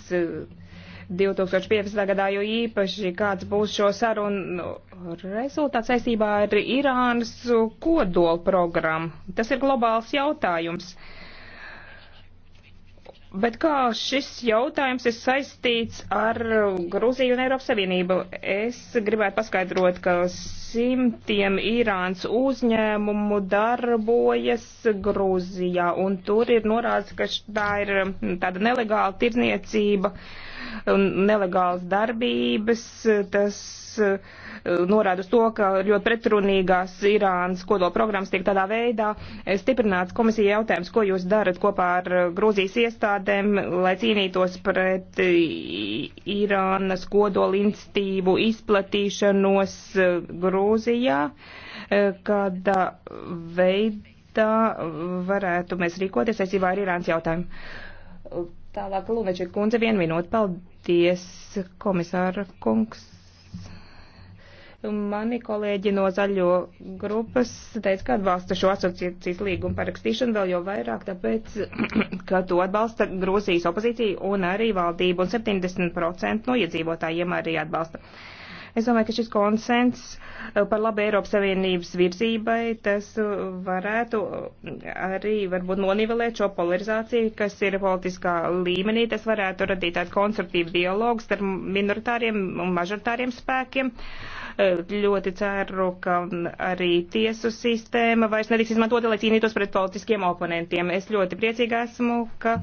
2015. gadā, jo īpaši kāds būs šo sarunu rezultāts saistībā ar Irānas kodola programmu. Tas ir globāls jautājums. Uh, Bet kā šis jautājums ir saistīts ar Grūziju un Eiropas Savienību? Es gribētu paskaidrot, ka simtiem Irāns uzņēmumu darbojas Grūzijā, un tur ir norādes, ka tā ir tāda nelegāla tirdzniecība. Uh, nelegālas darbības. Tas eh, norāda uz to, ka ļoti pretrunīgās Irānas kodolprogrammas tiek tādā veidā eh, stiprināts komisija jautājums, ko jūs darat kopā ar eh, Grūzijas iestādēm, lai cīnītos pret Irānas kodolinstību izplatīšanos Grūzijā, kāda veida varētu mēs rīkoties saistībā ar Irānas jautājumu. Tālāk Luveča kundze vienu minūti. Paldies, komisāra kungs. Mani kolēģi no zaļo grupas teica, ka atbalsta šo asociācijas līgumu parakstīšanu vēl jau vairāk, tāpēc, ka to atbalsta Grūzijas opozīcija un arī valdība, un 70% no iedzīvotājiem arī atbalsta. Uh, Es domāju, ka šis konsens eh, par labu Eiropas Savienības virzībai, tas eh, varētu eh, arī varbūt nonivelēt šo polarizāciju, kas ir politiskā līmenī. Tas varētu radīt tādu konstruktīvu dialogu starp minoritāriem un mažoritāriem spēkiem. Ļoti ceru, ka arī tiesu sistēma vairs netiks izmantota, lai cīnītos pret politiskiem oponentiem. Es ļoti priecīgi esmu, ka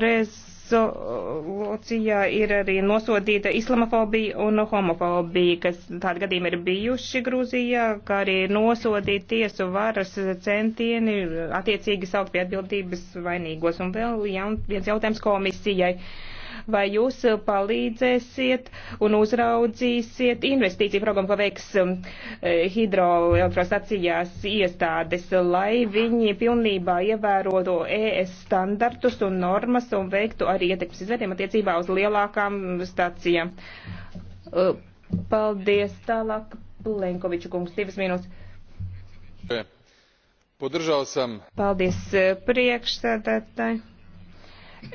reiz rezolūcijā ir arī nosodīta islamofobija un homofobija, kas tādi gadījumi ir bijuši Grūzijā, kā arī nosodīt tiesu varas centieni attiecīgi saukt pie atbildības vainīgos. Un vēl jaun, viens jautājums komisijai. Uh, vai jūs uh, palīdzēsiet un uzraudzīsiet investīciju programmu, ko veiks um, eh, hidroelektrostacijās iestādes, lai viņi pilnībā ievērotu ES standartus un normas un veiktu arī ietekmes izvērtējumu attiecībā uz lielākām stacijām. Uh, paldies. Tālāk Plenkoviču kungs, divas minūtes. Podržao sam. Paldies uh, priekšsēdētāji.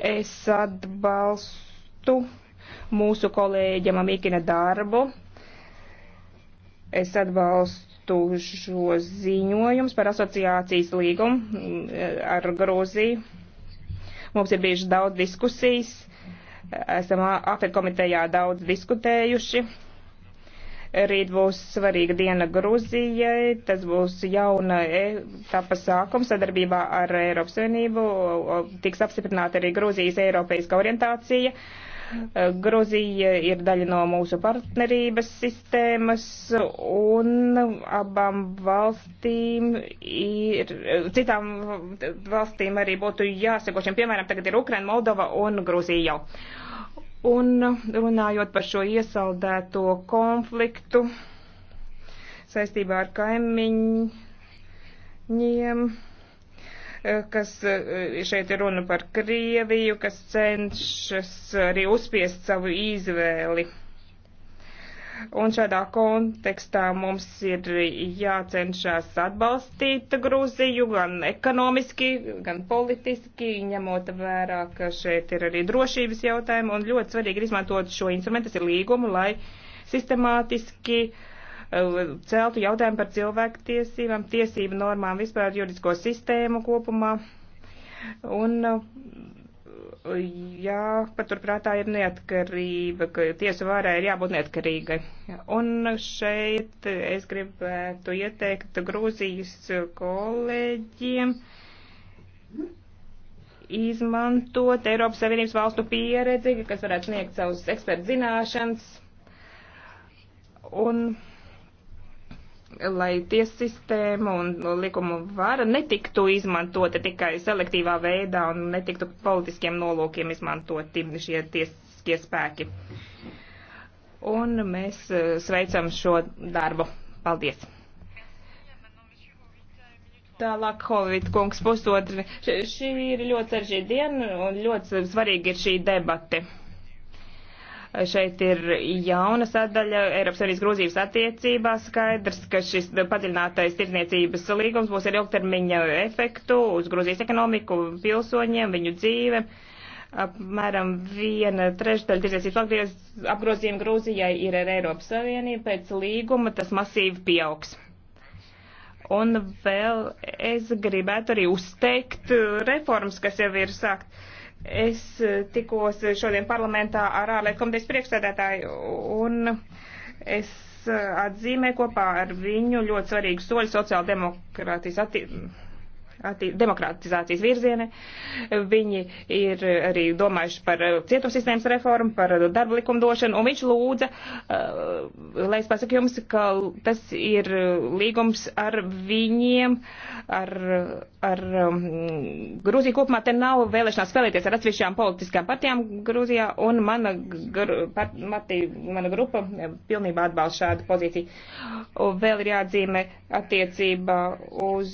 Es atbalstu mūsu kolēģa Mamikina darbu. Es atbalstu šo ziņojumu par asociācijas līgumu mm, ar Grūziju. Mums ir bijuši daudz diskusijas, esam AFE komitejā daudz diskutējuši. Rīt būs svarīga diena Gruzijai, tas būs jauna e, etapa sākums sadarbībā ar Eiropas Savienību, tiks apstiprināta arī Gruzijas Eiropeiska orientācija. E, Gruzija ir daļa no mūsu partnerības sistēmas, un abām valstīm ir, citām valstīm arī būtu jāseko šiem, piemēram, tagad ir Ukraina, Moldova un Gruzija jau. Un runājot par šo iesaldēto konfliktu saistībā ar kaimiņiem, kas eh, šeit ir runa par Krieviju, kas cenšas arī uzspiest savu izvēli. Un šādā kontekstā mums ir jācenšas atbalstīt Grūziju gan ekonomiski, gan politiski, ņemot vērā, ka šeit ir arī drošības jautājumi, un ļoti svarīgi ir izmantot šo instrumentu, tas ir līgumu, lai sistemātiski eh, celtu jautājumu par cilvēktiesībām, tiesību normām, vispār juridisko sistēmu kopumā. Un eh, jāpaturprātā ir neatkarība, ka tiesu vārā ir jābūt neatkarīgai. Un šeit es gribētu ieteikt Grūzijas kolēģiem izmantot Eiropas Savienības valstu pieredzi, kas varētu sniegt savus ekspertu zināšanas. Un lai tiesu sistēma un likuma vara netiktu izmantota tikai selektīvā veidā un netiktu politiskiem nolūkiem izmantoti šie tiesiskie spēki. Un mēs e, sveicam šo darbu. Paldies! Tālāk, Holvīt kungs, pusotri. Šī ir ļoti saržīta diena un ļoti svarīga ir šī debate. Šeit ir jauna sadaļa Eiropas Savienības grūzības attiecībās. Skaidrs, ka šis padziļinātais tirdzniecības līgums būs ar ilgtermiņa efektu uz Grūzijas ekonomiku, pilsoņiem, viņu dzīve. Apmēram viena trešdaļa tirdzniecības apgrozījuma Grūzijai ir ar Eiropas Savienību. Pēc līguma tas masīvi pieaugs. Un vēl es gribētu arī uzteikt reformas, kas jau ir sākt. Uh, Es eh, tikos šodien parlamentā ar ārlietu komitejas priekšsēdētāju un es eh, atzīmēju kopā ar viņu ļoti svarīgu soļu sociāldemokrātijas attīstību demokratizācijas virzieni. Viņi ir arī domājuši par eh, cietumsistēmas reformu, par darba likumdošanu, un viņš lūdza, eh, lai es pasaku jums, ka tas ir līgums ar viņiem, ar, ar um, Grūziju kopumā. Te nav vēlēšanās spēlēties ar atsevišķām politiskām partijām Grūzijā, un mana, gr, part, mati, mana grupa eh, pilnībā atbalsta šādu pozīciju. Vēl ir jāatzīmē attiecībā uz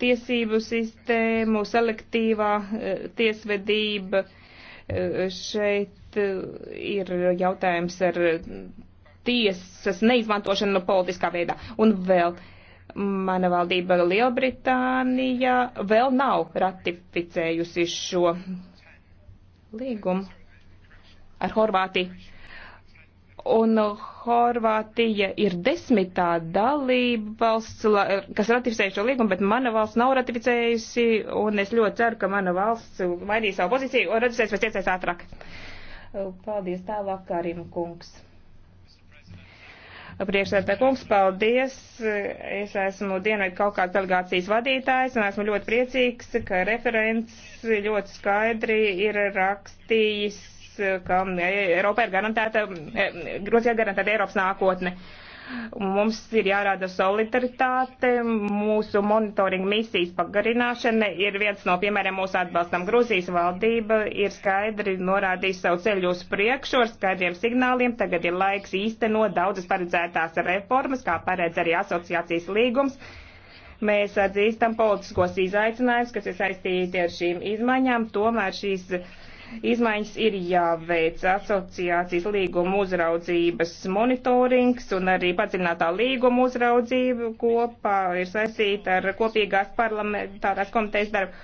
tiesību sistēmu, selektīvā eh, tiesvedība. Eh, šeit eh, ir jautājums ar tiesas neizmantošanu politiskā veidā. Un vēl mana valdība Lielbritānija vēl nav ratificējusi šo līgumu ar Horvātiju un Horvātija ir desmitā dalība valsts, kas ratificēja šo līgumu, bet mana valsts nav ratificējusi, un es ļoti ceru, ka mana valsts mainīs savu pozīciju un ratificēs pēc iespējas ātrāk. Paldies tālāk, Karim kungs. Priekšsēdētāj kungs, paldies. Es esmu Dienvidu kaut kādas delegācijas vadītājs un esmu ļoti priecīgs, ka referents ļoti skaidri ir rakstījis ka Eiropā ir garantēta, e, Gruzijā garantēta Eiropas nākotne. Mums ir jārāda solidaritāte, mūsu monitoringa misijas pagarināšana ir viens no piemēriem mūsu atbalstam. Grūzijas valdība ir skaidri norādījusi savu ceļu uz priekšu ar skaidriem signāliem. Tagad ir laiks īstenot daudzas paredzētās reformas, kā paredz arī asociācijas līgums. Mēs atzīstam politiskos izaicinājumus, kas ir saistīti ar šīm izmaiņām, tomēr šīs Izmaiņas ir jāveic asociācijas līguma uzraudzības monitorings un arī padziļinātā līguma uzraudzība kopā ir saistīta ar kopīgās parlamentārās komitejas darbu.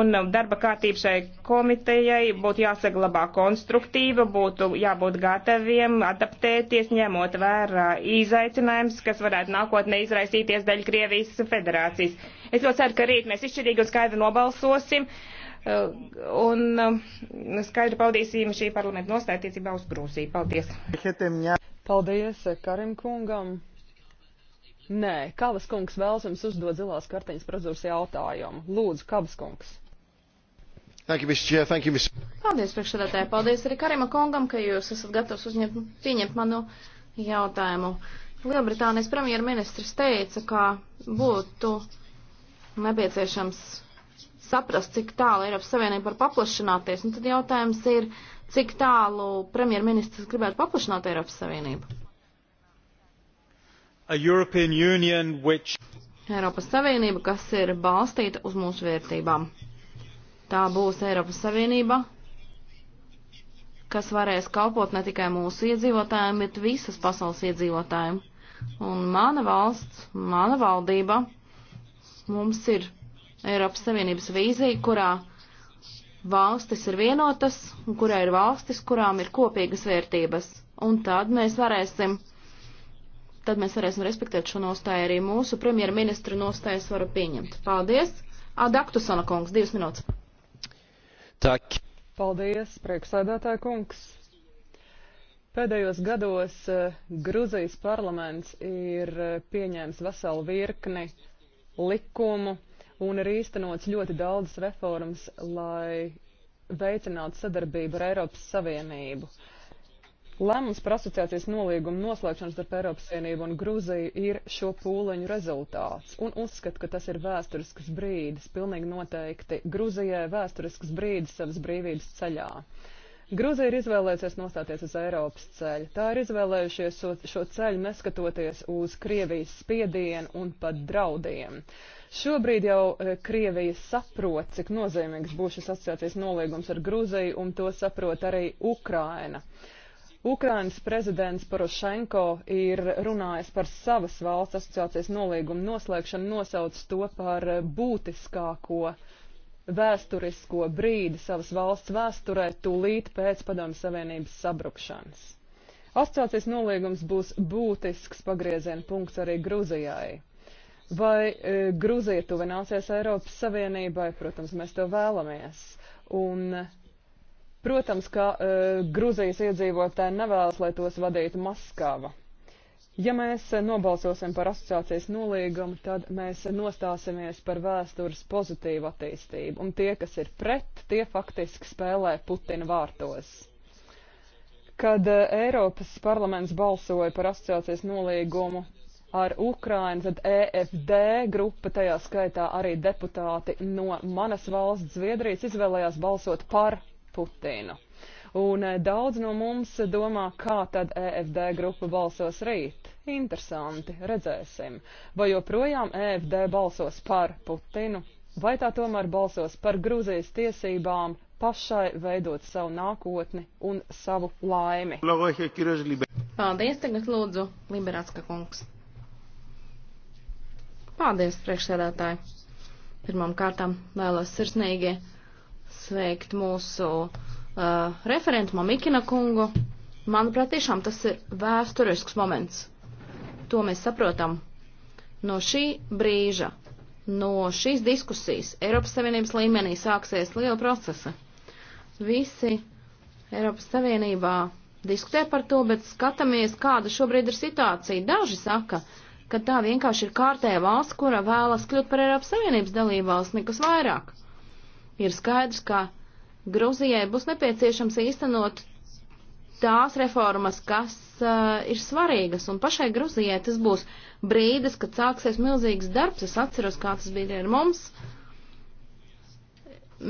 Un darba kārtība šai komitejai būtu jāsaglabā konstruktīva, būtu jābūt gataviem adaptēties, ņemot vērā izaicinājums, kas varētu nākotnē izraisīties daļa Krievijas federācijas. Es ļoti ceru, ka rīt mēs izšķirīgi un skaidri nobalsosim. Uh, Eh, un eh, skaidri paudīsim šī parlamenta nostājotiecībā uz Grūziju. Paldies! Paldies eh, Karim kungam! Nē, Kavas kungs vēlas jums uzdot zilās kartiņas procedūras jautājumu. Lūdzu, Kavas kungs! Thank you, Mr. Chair. Thank you, Mr. Paldies, priekšsēdētāji. Paldies arī Karima kungam, ka jūs esat gatavs uzņemt, pieņemt manu jautājumu. Lielbritānijas premjerministrs teica, ka būtu nepieciešams saprast, cik tālu Eiropas Savienība var paplašināties. Un tad jautājums ir, cik tālu premjerministrs gribētu paplašināt Eiropas Savienību. Union, which... Eiropas Savienība, kas ir balstīta uz mūsu vērtībām. Tā būs Eiropas Savienība, kas varēs kalpot ne tikai mūsu iedzīvotājiem, bet visas pasaules iedzīvotājiem. Un mana valsts, mana valdība mums ir Eiropas Savienības vīzija, kurā valstis ir vienotas un kurā ir valstis, kurām ir kopīgas vērtības. Un tad mēs varēsim, tad mēs varēsim respektēt šo nostāju arī mūsu premjerministra nostājas varu pieņemt. Paldies! Adaktusona kungs, divas minūtes. Tak. Paldies, prieksēdētāja kungs. Pēdējos gados eh, Gruzijas parlaments ir eh, pieņēmis veselu virkni likumu, un ir īstenots ļoti daudzas reformas, lai veicinātu sadarbību ar Eiropas Savienību. Lēmums par asociācijas noliegumu noslēgšanu starp Eiropas Savienību un Gruziju ir šo pūliņu rezultāts, un uzskatu, ka tas ir vēsturisks brīdis, pilnīgi noteikti Gruzijai vēsturisks brīdis savas brīvības ceļā. Gruzija ir izvēlējusies nostāties uz Eiropas ceļu. Tā ir izvēlējušies šo, šo ceļu neskatoties uz Krievijas spiedienu un pat draudiem. Šobrīd jau e, Krievija saprot, cik nozīmīgs būs šis asociācijas noliegums ar Gruziju, un to saprot arī Ukraina. Ukrainas prezidents Porošenko ir runājis par savas valsts asociācijas nolīgumu noslēgšanu, nosauc to par e, būtiskāko uh, vēsturisko brīdi savas valsts vēsturē tūlīt pēc Padomu Savienības sabrukšanas. Asociācijas noliegums būs būtisks pagrieziena punkts arī Gruzijai. Vai e, Gruzija tuvināsies Eiropas Savienībai? Protams, mēs to vēlamies. Un, protams, ka e, Gruzijas iedzīvotāji nevēlas, lai tos vadītu Maskava. Ja mēs nobalsosim par asociācijas nolīgumu, tad mēs nostāsimies par vēstures pozitīvu attīstību, un tie, kas ir pret, tie faktiski spēlē Putina vārtos. Kad eh, Eiropas parlaments balsoja par asociācijas nolīgumu ar Ukrainu, tad EFD grupa, tajā skaitā arī deputāti no manas valsts Zviedrijas, izvēlējās balsot par Putinu. Un eh, daudz no mums domā, kā tad EFD grupa balsos rīt. Interesanti, redzēsim. Vai joprojām EFD balsos par Putinu, vai tā tomēr balsos par Gruzijas tiesībām pašai veidot savu nākotni un savu laimi. Paldies, tagad lūdzu, Liberācka kungs. Paldies, priekšsēdētāji. Pirmām kārtām vēlos sirsnīgi sveikt mūsu uh, uh, referentu Mamikina kungu, manuprāt, tiešām tas ir vēsturisks moments. To mēs saprotam. No šī brīža, no šīs diskusijas Eiropas Savienības līmenī sāksies liela procesa. Visi Eiropas Savienībā diskutē par to, bet skatāmies, kāda šobrīd ir situācija. Daži saka, ka tā vienkārši ir kārtēja valsts, kura vēlas kļūt par Eiropas Savienības dalībvalsts, nekas vairāk. Ir skaidrs, ka Gruzijai būs nepieciešams īstenot tās reformas, kas uh, ir svarīgas, un pašai Gruzijai tas būs brīdis, kad sāksies milzīgs darbs. Es atceros, kā tas bija ar mums.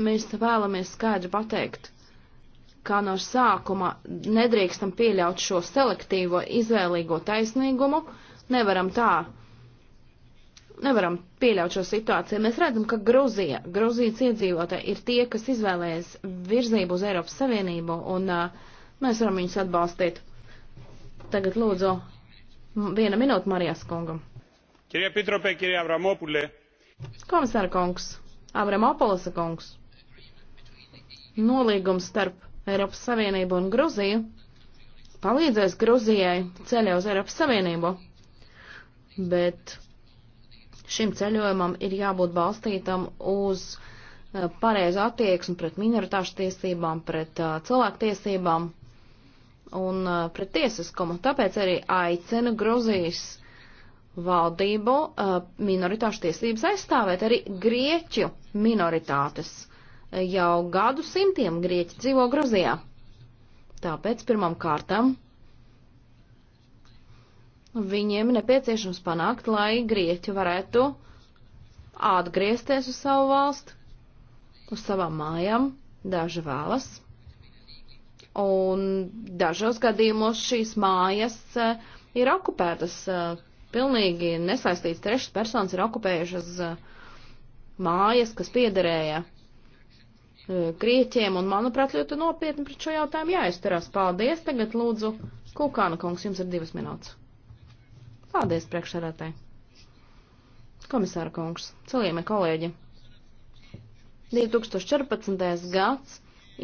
Mēs vēlamies skaidri pateikt, kā no sākuma nedrīkstam pieļaut šo selektīvo izvēlīgo taisnīgumu. Nevaram tā nevaram pieļaut šo situāciju. Mēs redzam, ka Gruzija, Gruzijas iedzīvotāji ir tie, kas izvēlējas virzību uz Eiropas Savienību, un uh, mēs varam viņus atbalstīt. Tagad lūdzu viena minūte Marijas kungam. Kirjā Pitropē, kirjā Avramopulē. Komisāra kungs, Avramopulasa kungs. Nolīgums starp Eiropas Savienību un Gruziju palīdzēs Gruzijai ceļā uz Eiropas Savienību, bet šim ceļojumam ir jābūt balstītam uz eh, pareizu attieksmi pret minoritāšu tiesībām, pret uh, cilvēku tiesībām un uh, pret tiesiskumu. Tāpēc arī aicinu Gruzijas valdību uh, minoritāšu tiesības aizstāvēt arī grieķu minoritātes. Jau gadu simtiem grieķi dzīvo Gruzijā. Tāpēc pirmam kārtam Viņiem nepieciešams panākt, lai grieķi varētu atgriezties uz savu valstu, uz savām mājām, daži vēlas. Un dažos gadījumos šīs mājas uh, ir okupētas, uh, pilnīgi nesaistīts trešas personas ir okupējušas uh, mājas, kas piederēja Grieķiem, un, manuprāt, ļoti nopietni pret šo jautājumu jāizturās. Paldies, tagad lūdzu, Kukāna kungs, jums ir divas minūtes. Paldies, priekšsēdētāji. Komisāra kungs, cienījamie kolēģi. 2014. gads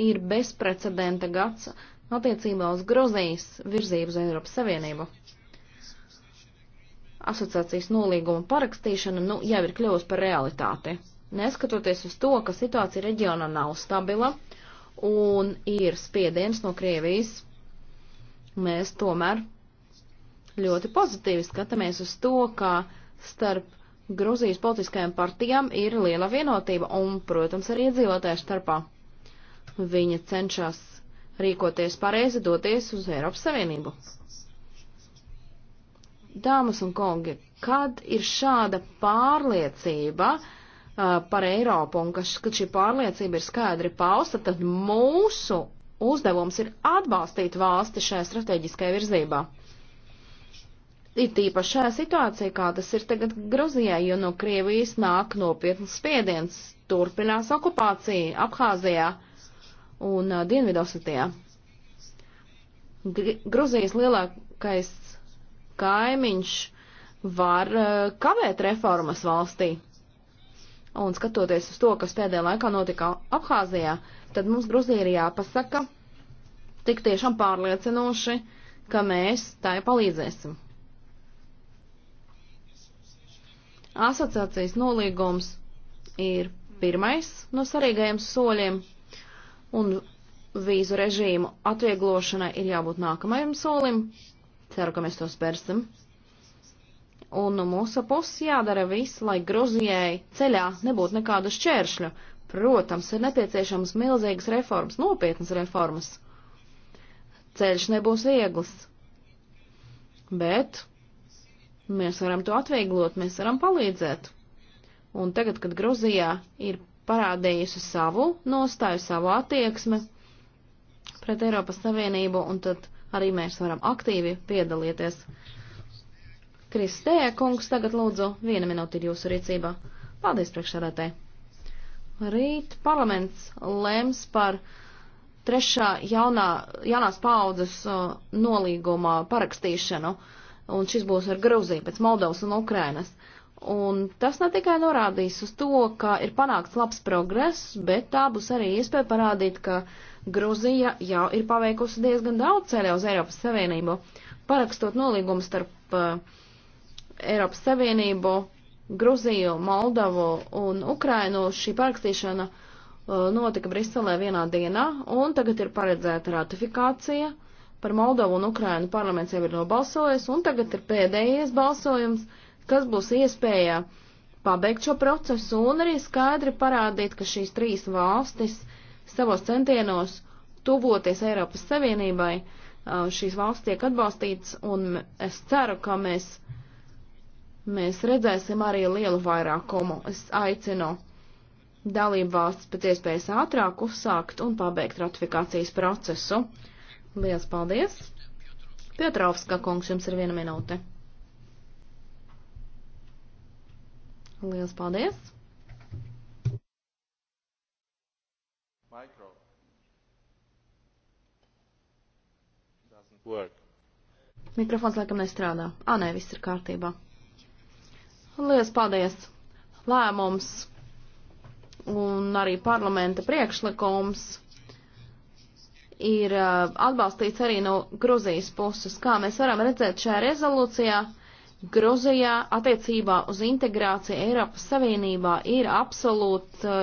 ir bezprecedenta gads attiecībā uz Grozijas virzību uz Eiropas Savienību. Asociācijas nolīguma parakstīšana nu, jau ir kļuvusi par realitāti. Neskatoties uz to, ka situācija reģionā nav stabila un ir spiediens no Krievijas, mēs tomēr ļoti pozitīvi skatāmies uz to, ka starp Gruzijas politiskajām partijām ir liela vienotība un, protams, arī iedzīvotāju starpā. Viņa cenšas rīkoties pareizi, doties uz Eiropas Savienību. Dāmas un kungi, kad ir šāda pārliecība uh, par Eiropu un ka, kad šī pārliecība ir skaidri pausta, tad mūsu uzdevums ir atbalstīt valsti šajā strateģiskajā virzībā. It īpaši šajā situācijā, kā tas ir tagad Gruzijā, jo no Krievijas nāk nopietnas spiediens, turpinās okupācija Abhāzijā un uh, Dienvidosetijā. Gruzijas lielākais kaimiņš var uh, kavēt reformas valstī. Un skatoties uz to, kas pēdējā laikā notika Abhāzijā, tad mums Gruzija ir jāpasaka tik tiešām pārliecinoši, ka mēs tai palīdzēsim. Asociācijas nolīgums ir pirmais no svarīgajiem soļiem, un vīzu režīmu atvieglošanai ir jābūt nākamajam solim. Ceru, ka mēs to spērsim. Un no mūsu puses jādara viss, lai Gruzijai ceļā nebūtu nekādu šķēršļu. Protams, ir nepieciešams milzīgas reformas, nopietnas reformas. Ceļš nebūs viegls. Bet Mēs varam to atvieglot, mēs varam palīdzēt. Un tagad, kad Gruzijā ir parādījusi savu nostāju, savu attieksmi pret Eiropas Savienību, un tad arī mēs varam aktīvi piedalīties. Kristē, kungs, tagad lūdzu, viena minūte ir jūsu rīcībā. Paldies priekšsādātē. Rīt parlaments lems par trešā jaunā, jaunās paudzes uh, nolīguma parakstīšanu. Uh, un šis būs ar Grūziju, pēc Moldovas un Ukrainas. Un tas ne tikai norādīs uz to, ka ir panākts labs progress, bet tā būs arī iespēja parādīt, ka Grūzija jau ir paveikusi diezgan daudz ceļā uz Eiropas Savienību, parakstot nolīgumu starp uh, Eiropas Savienību, Grūziju, Moldavu un Ukrainu. Šī parakstīšana uh, notika Briselē vienā dienā, un tagad ir paredzēta ratifikācija Par Moldovu un Ukrainu parlaments jau ir nobalsojis, un tagad ir pēdējais balsojums, kas būs iespējā pabeigt šo procesu un arī skaidri parādīt, ka šīs trīs valstis savos centienos tuvoties Eiropas Savienībai, uh, šīs valsts tiek atbalstītas, un es ceru, ka mēs, mēs redzēsim arī lielu vairākumu. Es aicinu dalību valsts pēc iespējas ātrāk uzsākt un pabeigt ratifikācijas procesu. Lielas paldies! Pietrovska kungs, jums ir viena minūte. Lielas paldies! Mikro. Mikrofons laikam nestrādā. Ā, nē, viss ir kārtībā. Lielas paldies! Lēmums un arī parlamenta priekšlikums ir atbalstīts arī no Gruzijas puses. Kā mēs varam redzēt šajā rezolūcijā, Gruzijā attiecībā uz integrāciju Eiropas Savienībā ir absolūti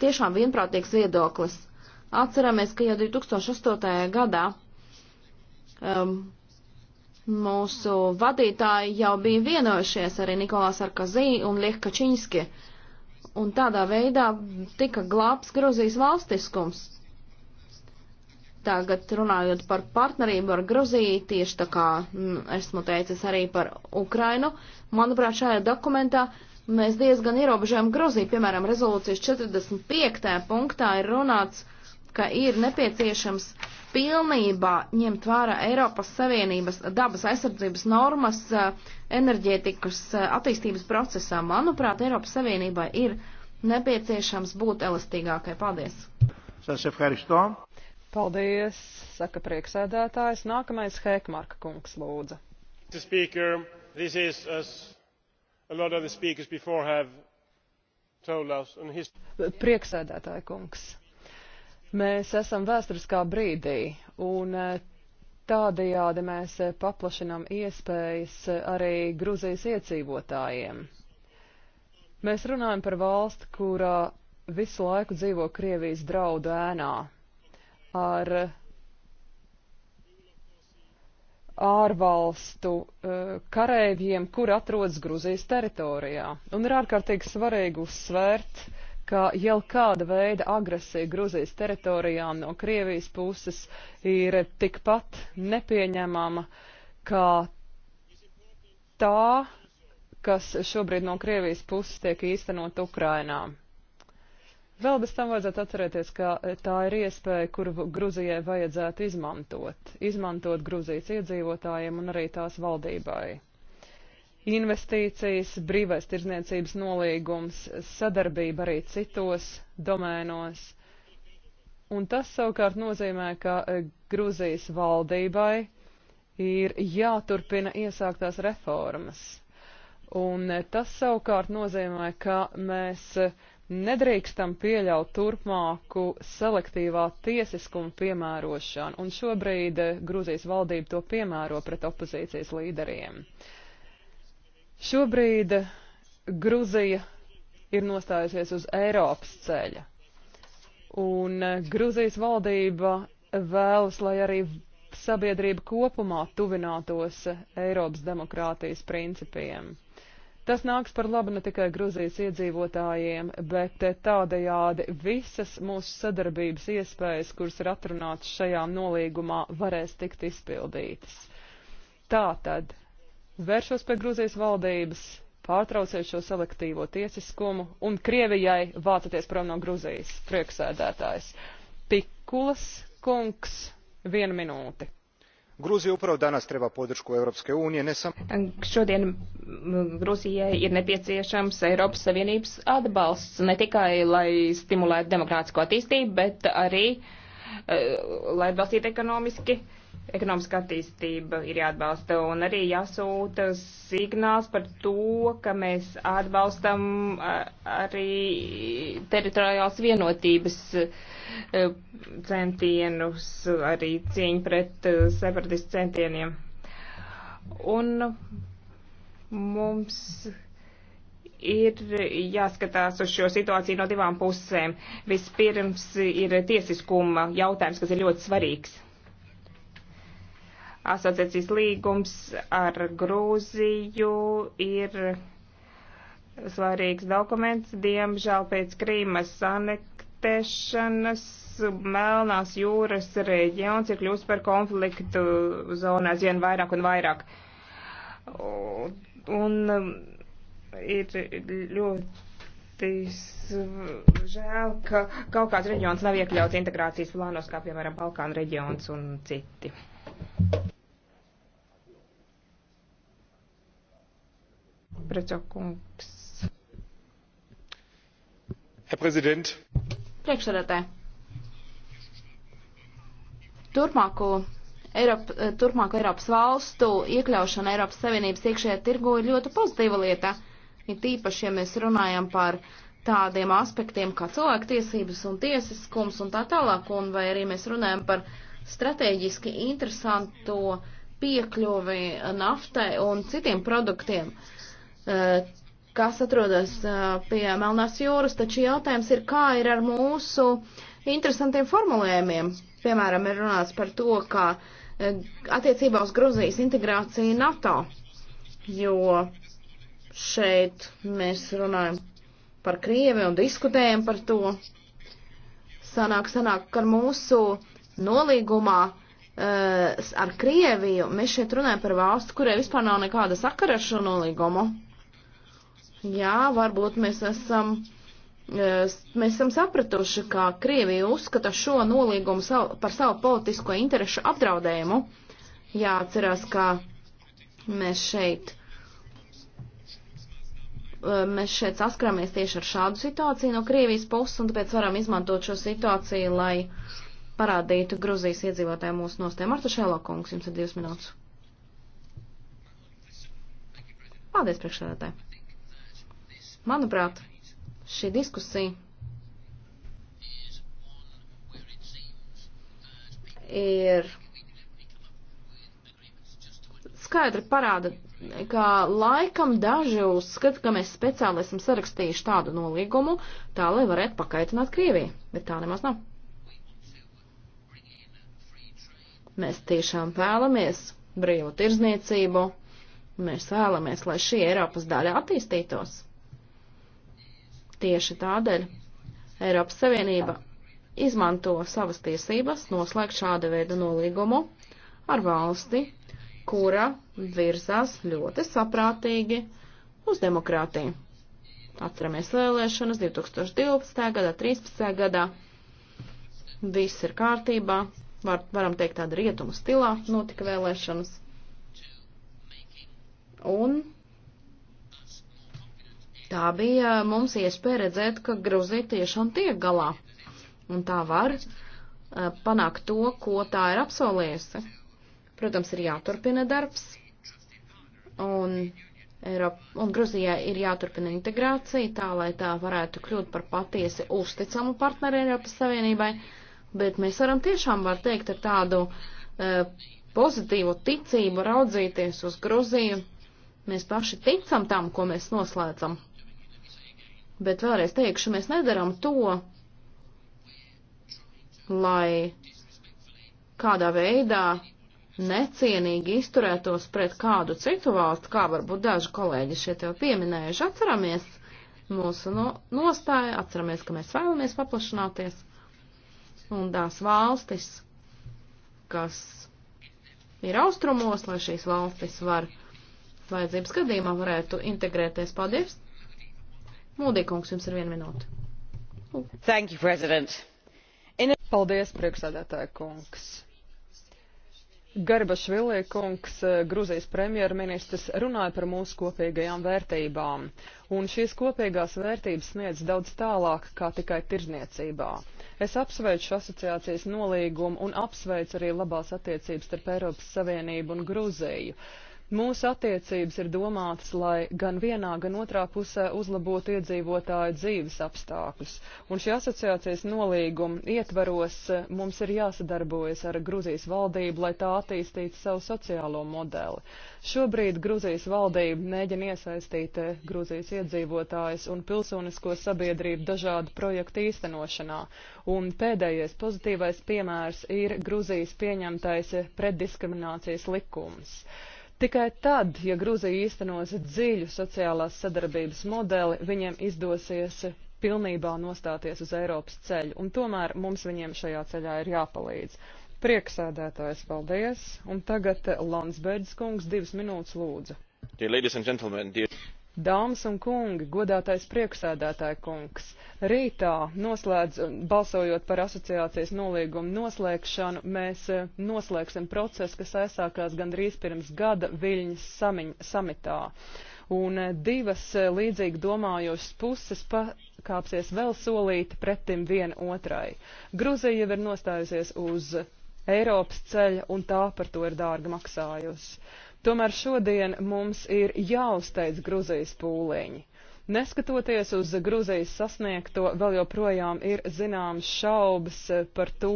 tiešām vienprātīgs viedoklis. Atceramies, ka jau 2008. gadā um, mūsu vadītāji jau bija vienojušies arī Nikolā Sarkozī un Lieh Kačinski, un tādā veidā tika glābs Gruzijas valstiskums. Tagad runājot par partnerību ar Gruziju, tieši tā kā m, mm, esmu teicis arī par Ukrainu, manuprāt, šajā dokumentā mēs diezgan ierobežojam Gruziju. Piemēram, rezolūcijas 45. punktā ir runāts, ka ir nepieciešams pilnībā ņemt vērā Eiropas Savienības dabas aizsardzības normas eh, enerģētikas eh, attīstības procesā. Manuprāt, Eiropas Savienībai ir nepieciešams būt elastīgākai. Paldies! Σας ευχαριστώ. Paldies, saka prieksēdētājs. Nākamais Hēkmarka kungs lūdza. His... Prieksēdētāja kungs. Mēs esam vēsturiskā brīdī, un eh, Tādējādi mēs eh, paplašinām iespējas eh, arī Gruzijas iedzīvotājiem. Mēs runājam par valsti, kurā visu laiku dzīvo Krievijas draudu ēnā ar ārvalstu eh, kareiviem, kur atrodas Gruzijas teritorijā. Un ir ārkārtīgi svarīgi uzsvērt, ka jau kāda veida agresija Gruzijas teritorijā no Krievijas puses ir tikpat nepieņemama, kā tā, kas šobrīd no Krievijas puses tiek īstenot Ukrainā. Vēl bez tam vajadzētu atcerēties, ka e, tā ir iespēja, kuru Gruzijai vajadzētu izmantot. Izmantot Gruzijas iedzīvotājiem un arī tās valdībai. Investīcijas, brīvais tirzniecības nolīgums, sadarbība arī citos domēnos. Un tas savukārt nozīmē, ka e, Gruzijas valdībai ir jāturpina iesāktās reformas. Un e, tas savukārt nozīmē, ka mēs Nedrīkstam pieļaut turpmāku selektīvā tiesiskuma piemērošanu, un šobrīd eh, Grūzijas valdība to piemēro pret opozīcijas līderiem. Šobrīd eh, Grūzija ir nostājusies uz Eiropas ceļa, un eh, Grūzijas valdība vēlas, lai arī sabiedrība kopumā tuvinātos Eiropas demokrātijas principiem. Tas nāks par labu ne tikai Gruzijas iedzīvotājiem, bet tādējādi visas mūsu sadarbības iespējas, kuras ir atrunātas šajā nolīgumā, varēs tikt izpildītas. Tātad vēršos pie Gruzijas valdības, pārtrauciet šo selektīvo tiesiskumu un Krievijai vācaties prom no Gruzijas priekšsēdētājs. Pikulas kungs, viena minūte gruzija upravo danas treba podršku europske unije ne samo šodien gruzijai ir nepieciešams eiropas savienības atbalsts ne tikai lai stimulētu demokrātisko attīstību bet arī eh, lai atbalstītu ekonomiski ekonomiskā attīstība ir jāatbalsta un arī jāsūta signāls par to, ka mēs atbalstam arī teritoriāls vienotības centienus, arī cīņu pret separatistu centieniem. Un mums ir jāskatās uz šo situāciju no divām pusēm. Vispirms ir tiesiskuma jautājums, kas ir ļoti svarīgs asociācijas līgums ar Grūziju ir svarīgs dokuments. Diemžēl pēc Krīmas anektēšanas Melnās jūras reģions ir kļūst par konfliktu zonā vien vairāk un vairāk. Un um, ir ļoti žēl, ka kaut kāds reģions nav iekļauts integrācijas plānos, kā piemēram Balkānu reģions un citi. Precokungs. Herr Präsident. Priekšsēdētāji. Turpmāko Eiropa, turpmāko Eiropas valstu iekļaušana Eiropas Savienības iekšējā tirgu ir ļoti pozitīva lieta. Ir tīpaši, ja mēs runājam par tādiem aspektiem kā cilvēktiesības un tiesiskums un tā tālāk, un vai arī mēs runājam par uh, strateģiski interesanto piekļuvi naftai un citiem produktiem, eh, kas atrodas eh, pie Melnās jūras, taču jautājums ir, kā ir ar mūsu interesantiem formulējumiem. Piemēram, ir runāts par to, ka eh, attiecībā uz Gruzijas integrāciju NATO, jo šeit mēs runājam par Krievi un diskutējam par to. Sanāk, sanāk, ka mūsu uh, nolīgumā uh, ar Krieviju, mēs šeit runājam par valsti, kurai vispār nav nekāda sakara ar šo nolīgumu. Jā, varbūt mēs esam, uh, mēs esam sapratuši, ka Krievija uzskata šo nolīgumu savu, par savu politisko interešu apdraudējumu. Jāatcerās, ka mēs šeit eh, mēs šeit saskaramies tieši ar šādu situāciju no Krievijas puses, un tāpēc varam izmantot šo situāciju, lai uh, parādītu Gruzijas iedzīvotājiem mūsu nostāju. Marta Šēlokungs, jums ir divas minūtes. Paldies, priekšsēdētāji. Manuprāt, šī diskusija ir skaidri parāda, ka laikam daži uzskata, ka mēs speciāli esam sarakstījuši tādu nolīgumu, tā lai varētu pakaitināt Krieviju, bet tā nemaz nav. Mēs tiešām vēlamies brīvu tirzniecību, mēs vēlamies, lai šī Eiropas daļa attīstītos. Tieši tādēļ Eiropas Savienība izmanto savas tiesības noslēgt šāda veida nolīgumu ar valsti, kura virzās ļoti saprātīgi uz demokrātiju. Atceramies vēlēšanas 2012. gadā, 2013. gadā. Viss ir kārtībā, var, varam teikt, tāda rietumu stilā notika vēlēšanas. Un tā bija mums iespēja redzēt, ka Gruzija tiešām tiek galā. Un tā var uh, panākt to, ko tā ir apsolījusi. Protams, ir jāturpina darbs. Un, Eiropa, un Gruzijai ir jāturpina integrācija tā, lai tā varētu kļūt par patiesi uzticamu partneri Eiropas Savienībai. Uh, bet mēs varam tiešām, var teikt, ar tādu uh, pozitīvu ticību raudzīties uz Gruziju. Mēs paši ticam tam, ko mēs noslēdzam. Bet vēlreiz teikšu, mēs nedaram to, lai kādā veidā necienīgi izturētos pret kādu citu valstu, kā varbūt daži kolēģi šeit jau pieminējuši. Atceramies mūsu no, nostāju, atceramies, ka mēs vēlamies paplašināties un tās valstis, kas ir austrumos, lai šīs valstis var vajadzības gadījumā varētu integrēties. Paldies! Mūdīkungs, jums ir viena minūte. Thank you, President. In... Paldies, priekšsēdētāja kungs. Garbašvilī kungs, eh, Gruzijas premjerministrs, runāja par mūsu kopīgajām vērtībām, un šīs kopīgās vērtības sniedz daudz tālāk kā tikai tirzniecībā. Es apsveicu asociācijas nolīgumu un apsveicu arī labās attiecības starp Eiropas Savienību un Gruziju. Uh, Mūsu attiecības ir domātas, lai gan vienā, gan otrā pusē uzlabotu iedzīvotāju dzīves apstākļus, un šī asociācijas nolīguma ietvaros eh, mums ir jāsadarbojas ar Gruzijas valdību, lai tā attīstītu savu sociālo modeli. Šobrīd Gruzijas valdība mēģina iesaistīt eh, Gruzijas iedzīvotājus un pilsonisko sabiedrību dažādu projektu īstenošanā, un pēdējais pozitīvais piemērs ir Gruzijas pieņemtais eh, preddiskriminācijas likums. Tikai tad, ja Gruzija īstenos dziļu sociālās sadarbības modeli, viņiem izdosies pilnībā nostāties uz Eiropas ceļu, un tomēr mums viņiem šajā ceļā ir jāpalīdz. Prieksēdētājs, paldies, un tagad Landsbērģis kungs divas minūtes lūdzu. Dear ladies and gentlemen, dear... Dāmas un kungi, godātais priekšsēdētāja kungs, rītā noslēdz, balsojot par asociācijas nolīgumu noslēgšanu, mēs eh, noslēgsim procesu, kas aizsākās gandrīz pirms gada Viļņas samiņ, samitā. Un eh, divas eh, līdzīgi domājošas puses pakāpsies vēl solīti pretim viena otrai. Gruzija jau ir nostājusies uz Eiropas ceļa, un tā par to ir dārgi maksājusi. Tomēr šodien mums ir jāuzteic Gruzijas pūliņi. Neskatoties uz Gruzijas sasniegto, vēl joprojām ir zināmas šaubas par to,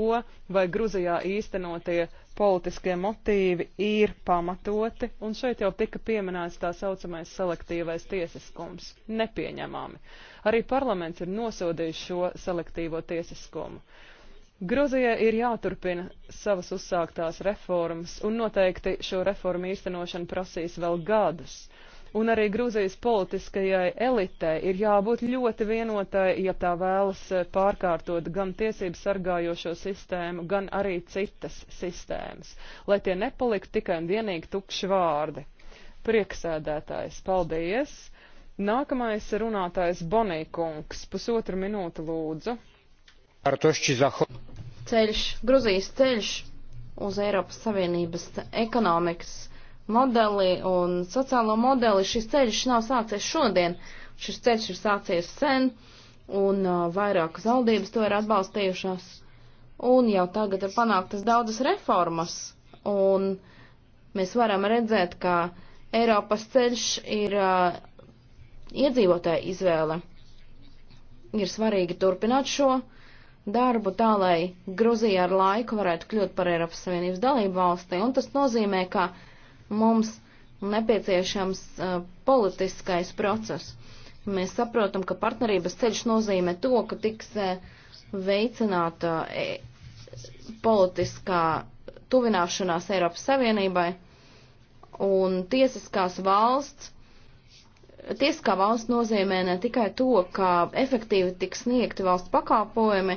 vai Gruzijā īstenotie politiskie motīvi ir pamatoti, un šeit jau tika pieminēts tā saucamais selektīvais tiesiskums - nepieņemami. Arī parlaments ir nosodījis šo selektīvo tiesiskumu. Gruzijai ir jāturpina savas uzsāktās reformas, un noteikti šo reformu īstenošana prasīs vēl gadus. Un arī Gruzijas politiskajai elitei ir jābūt ļoti vienotai, ja tā vēlas pārkārtot gan tiesību sargājošo sistēmu, gan arī citas sistēmas, lai tie nepaliktu tikai un vienīgi tukši vārdi. Prieksēdētājs, paldies! Nākamais runātājs Bonīkungs, pusotru minūtu lūdzu. Ceļš, Gruzijas ceļš uz Eiropas Savienības ekonomikas modeli un sociālo modeli, šis ceļš nav sācies šodien, šis ceļš ir sācies sen, un uh, vairākas valdības to ir atbalstījušās, un jau tagad ir panāktas daudzas reformas, un mēs varam redzēt, ka Eiropas ceļš ir uh, iedzīvotāja izvēle. Ir svarīgi turpināt šo darbu tā, lai Gruzija ar laiku varētu kļūt par Eiropas Savienības dalību valsti, un tas nozīmē, ka mums nepieciešams uh, politiskais process. Mēs saprotam, ka partnerības ceļš nozīmē to, ka tiks uh, veicināta uh, e, politiskā tuvināšanās Eiropas Savienībai un tiesiskās valsts tiesiskā valsts nozīmē ne tikai to, ka efektīvi tiks sniegti valsts pakāpojumi,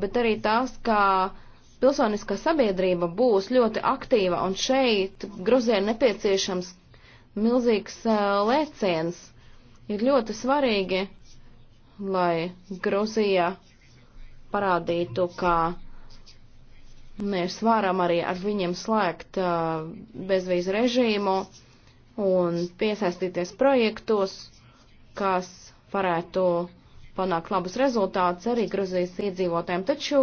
bet arī tas, ka pilsoniskā sabiedrība būs ļoti aktīva, un šeit Gruzijai nepieciešams milzīgs lēciens. Ir ļoti svarīgi, lai Gruzija parādītu, ka mēs varam arī ar viņiem slēgt bezvīzu režīmu un piesaistīties projektos, kas varētu panākt labus rezultātus arī Gruzijas iedzīvotājiem, taču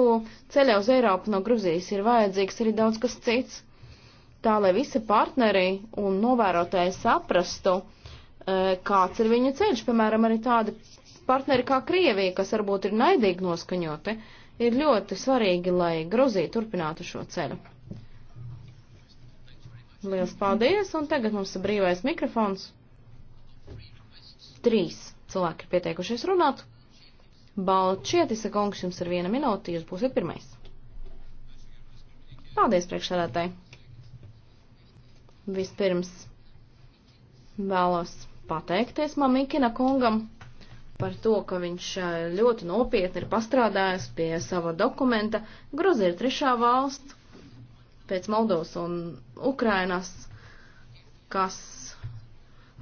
ceļā uz Eiropu no Gruzijas ir vajadzīgs arī daudz kas cits. Tā, lai visi partneri un novērotāji saprastu, e, kāds ir viņa ceļš, piemēram, arī tādi partneri kā Krievija, kas varbūt ir naidīgi noskaņoti, ir ļoti svarīgi, lai Gruzija turpinātu šo ceļu. Lielas paldies, un tagad mums ir brīvais mikrofons. Trīs cilvēki ir pieteikušies runāt. Balčietis, kungs, jums ir viena minūte, jūs būsiet pirmais. Paldies, priekšsēdētāji. Vispirms vēlos pateikties Mamikina kungam par to, ka viņš ļoti nopietni ir pastrādājis pie sava dokumenta. Gruzija ir trešā valsts pēc Moldovas un Ukrainas, kas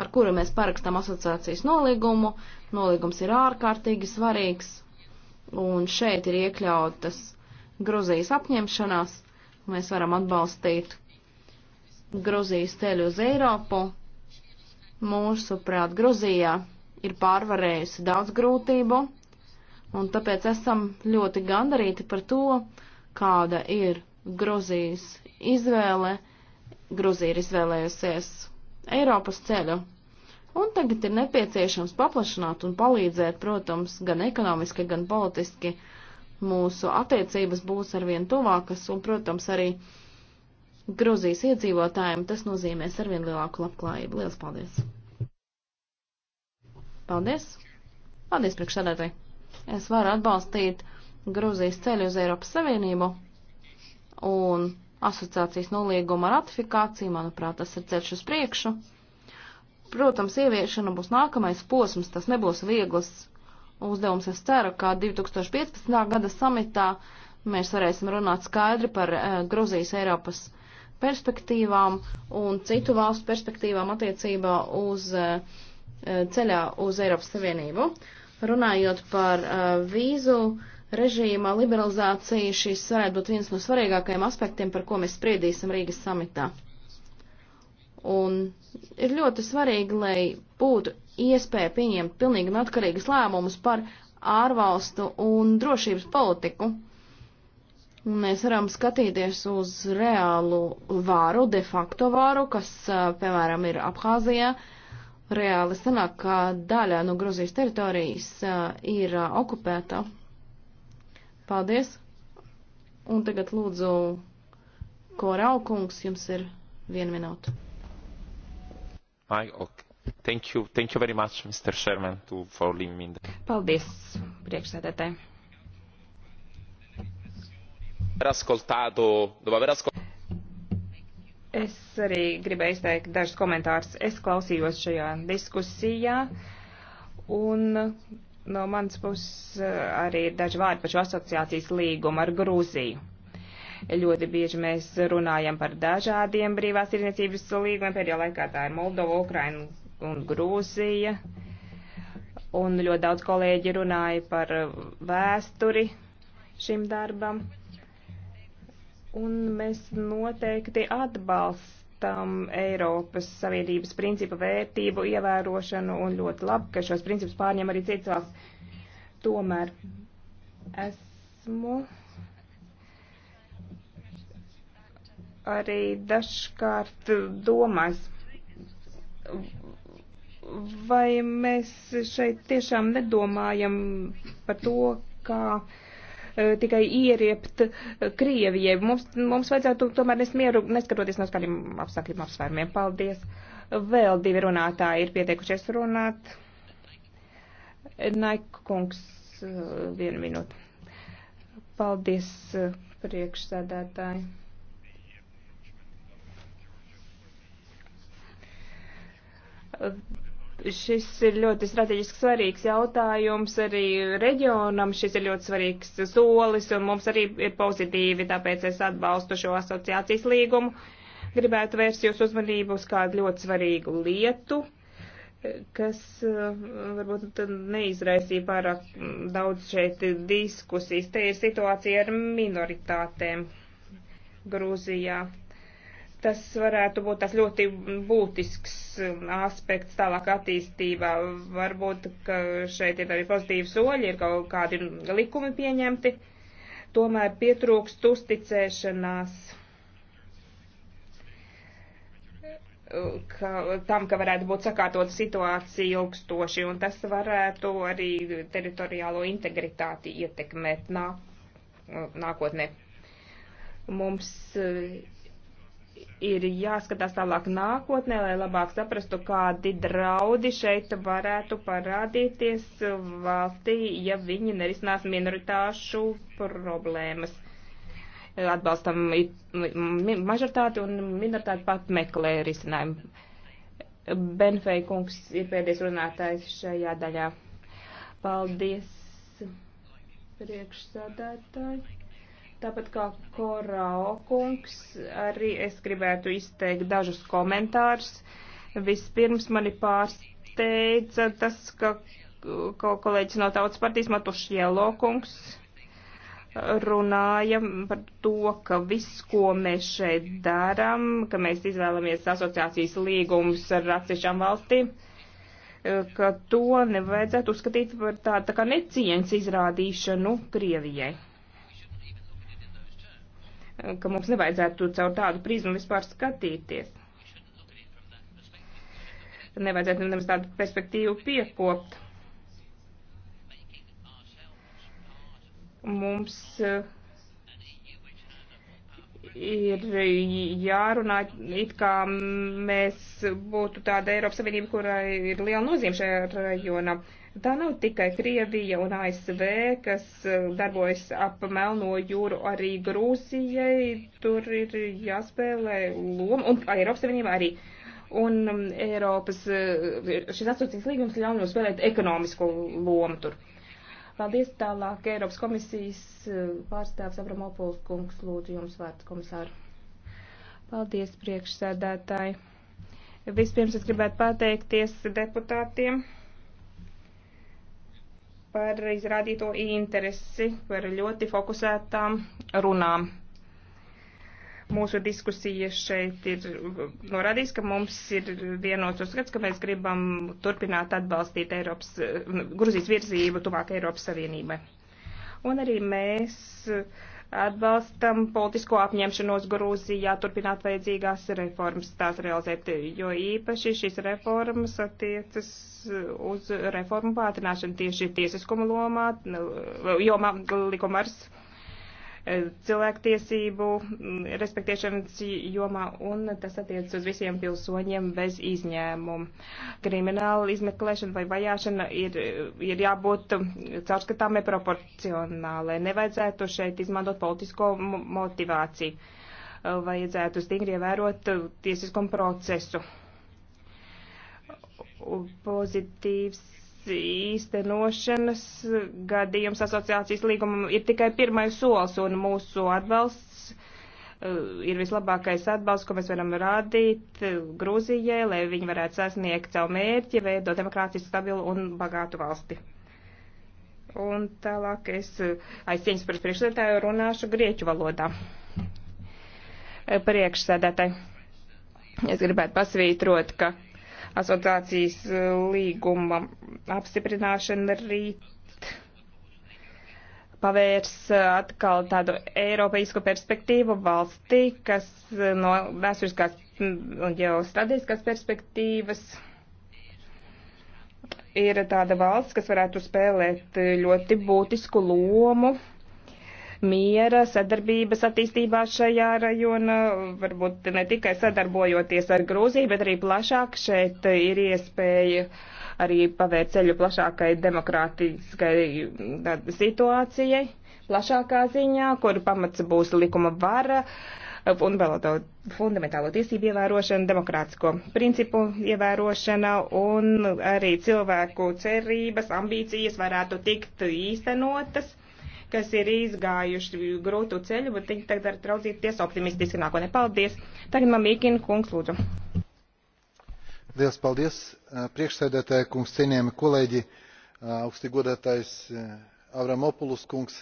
ar kuru mēs parakstam asociācijas nolīgumu. Nolīgums ir ārkārtīgi svarīgs, un šeit ir iekļautas Gruzijas apņemšanās. Mēs varam atbalstīt Gruzijas ceļu uz Eiropu. Mūsuprāt, Gruzijā ir pārvarējusi daudz grūtību, un tāpēc esam ļoti gandarīti par to, kāda ir Gruzijas izvēle. Gruzija ir izvēlējusies Eiropas ceļu. Un tagad ir nepieciešams paplašināt un palīdzēt, protams, gan ekonomiski, gan politiski. Mūsu attiecības būs arvien tuvākas, un, protams, arī Gruzijas iedzīvotājiem tas nozīmēs arvien lielāku labklājību. Lielas paldies! Paldies! Paldies, priekšsēdētāji! Es varu atbalstīt Gruzijas ceļu uz Eiropas Savienību, un asociācijas nolīguma ratifikāciju, manuprāt, tas ir ceļš uz priekšu. Protams, ieviešana būs nākamais posms, tas nebūs viegls uzdevums. Es ceru, ka 2015. gada samitā mēs varēsim runāt skaidri par e, Gruzijas Eiropas perspektīvām un citu valstu perspektīvām attiecībā uz e, ceļā uz Eiropas Savienību. Runājot par e, vīzu režīmā liberalizācija šis varētu būt viens no svarīgākajiem aspektiem, par ko mēs spriedīsim Rīgas samitā. Un ir ļoti svarīgi, lai būtu iespēja pieņemt pilnīgi neatkarīgas lēmumus par ārvalstu un drošības politiku. Un mēs varam skatīties uz reālu vāru, de facto vāru, kas, piemēram, ir Abhāzijā, reāli sanāk, ka daļa no Gruzijas teritorijas ir okupēta Paldies! Un tagad lūdzu, ko raukungs, jums ir viena minūte. Okay. Thank you, thank you very much, Mr. Sherman, to, for leaving me. Paldies, priekšsēdētāji. Es arī gribēju izteikt dažus komentārus. Es klausījos šajā diskusijā un no manas puses eh, arī ir daži vārdi par šo asociācijas līgumu ar Grūziju. Ļoti bieži mēs runājam par dažādiem brīvās tirniecības līgumiem, pēdējā laikā tā ir Moldova, Ukraina un Grūzija. Un ļoti daudz kolēģi runāja par vēsturi šim darbam. Un mēs noteikti atbalstam atbalstam Eiropas Savienības principu vērtību ievērošanu un ļoti labi, ka šos principus pārņem arī citas valsts. Tomēr esmu arī dažkārt domās, vai mēs šeit tiešām nedomājam par to, kā. Ka Eh, tikai ieriept eh, Krievijai. Mums, mums vajadzētu tomēr nes mieru, neskatoties no skaļiem apstākļiem apsvērumiem. Paldies. Vēl divi runātāji ir pieteikušies runāt. Naikkungs, eh, vienu minūtu. Paldies, priekšsēdētāji. Uh, Šis ir ļoti strateģiski svarīgs jautājums arī reģionam. Šis ir ļoti svarīgs solis un mums arī ir pozitīvi, tāpēc es atbalstu šo asociācijas līgumu. Gribētu vērst jūs uzmanību uz kādu ļoti svarīgu lietu, kas eh, varbūt neizraisīja pārāk daudz šeit diskusijas. Te ir situācija ar minoritātēm Grūzijā. Tas varētu būt tas ļoti būtisks um, aspekts tālāk attīstībā. Varbūt, ka šeit ir arī pozitīvi soļi, ir kaut kādi likumi pieņemti, tomēr pietrūkst uzticēšanās. ka, tam, ka varētu būt sakārtot situācija ilgstoši, un tas varētu arī teritoriālo integritāti ietekmēt nā, nākotnē. Mums ir jāskatās tālāk nākotnē, lai labāk saprastu, kādi draudi šeit varētu parādīties valstī, ja viņi nerisinās minoritāšu problēmas. Atbalstam mažoritāti un minoritāti pat meklē risinājumu. Benfei kungs ir pēdējais runātājs šajā daļā. Paldies, priekšsādātāji. Tāpat kā Korao kungs, arī es gribētu izteikt dažus komentārus. Vispirms mani pārsteidza tas, ka kolēģis no Tautas partijas Matušielo kungs runāja par to, ka viss, ko mēs šeit darām, ka mēs izvēlamies asociācijas līgumus ar atsevišķām valstīm, ka to nevajadzētu uzskatīt par tādu tā kā necieņas izrādīšanu Krievijai ka mums nevajadzētu caur tādu prizmu vispār skatīties. Nevajadzētu nemaz tādu perspektīvu piekopt. Mums eh, ir jārunā, it kā mēs būtu tāda Eiropas Savienība, kurai ir liela nozīme šajā rajonā. Uh, Tā nav tikai Krievija un ASV, kas eh, darbojas ap Melno jūru, arī Grūzijai tur ir jāspēlē loma, un Eiropas Savienība arī. Un um, Eiropas eh, šis atsaucīgs līgums ļauj mums spēlēt ekonomisko lomu tur. Paldies tālāk Eiropas komisijas eh, pārstāvs Abramopols kungs, lūdzu jums vārds komisāru. Paldies priekšsēdētāji. Vispirms es gribētu pateikties deputātiem par izrādīto interesi, par ļoti fokusētām runām. Mūsu diskusija šeit ir norādījis, ka mums ir vienots uzskats, ka mēs gribam turpināt atbalstīt Eiropas, nu, Gruzijas virzību tuvāk Eiropas Savienībai. Un arī mēs uh, atbalstam politisko apņemšanos Grūzijā turpināt vajadzīgās reformas, tās realizēt, jo īpaši šīs reformas attiecas uz reformu pātrināšanu tieši tiesiskuma lomā, jomā likumars cilvēktiesību mm, respektēšanas jomā, un tas attiec uz visiem pilsoņiem bez izņēmuma. Krimināla izmeklēšana vai vajāšana ir, ir jābūt caurskatāmai proporcionālai. Nevajadzētu šeit izmantot politisko motivāciju. Vajadzētu stingri ievērot tiesisko procesu. Pozitīvs īstenošanas gadījums asociācijas līgumam ir tikai pirmais solis, un mūsu atbalsts uh, ir vislabākais atbalsts, ko mēs varam rādīt uh, Grūzijai, lai viņi varētu sasniegt savu mērķi, veidot demokrātiski stabilu un bagātu valsti. Un tālāk es uh, aizcieņas par priekšsēdētāju runāšu grieķu valodā. Priekšsēdētāji. Es gribētu pasvītrot, ka asociācijas eh, līguma apstiprināšana rīt pavērs eh, atkal tādu eiropeisku perspektīvu valstī, kas eh, no vēsturiskās mm, un jau strateģiskās perspektīvas ir tāda valsts, kas varētu spēlēt ļoti būtisku lomu miera, sadarbības attīstībā šajā rajonā, varbūt ne tikai sadarbojoties ar Grūziju, bet arī plašāk šeit ir iespēja arī pavērt ceļu plašākai demokrātiskai situācijai, plašākā ziņā, kur pamats būs likuma vara fundamentālo tiesību ievērošana, demokrātisko principu ievērošana un arī cilvēku cerības, ambīcijas varētu tikt īstenotas kas ir izgājuši grūtu ceļu, bet viņi tagad var traudzīties optimistiski nākotnē. Paldies! Tagad man Mīkina kungs lūdzu. Liels paldies, eh, priekšsēdētāja kungs, cienījami kolēģi, eh, augsti godātājs eh, Avramopulus kungs.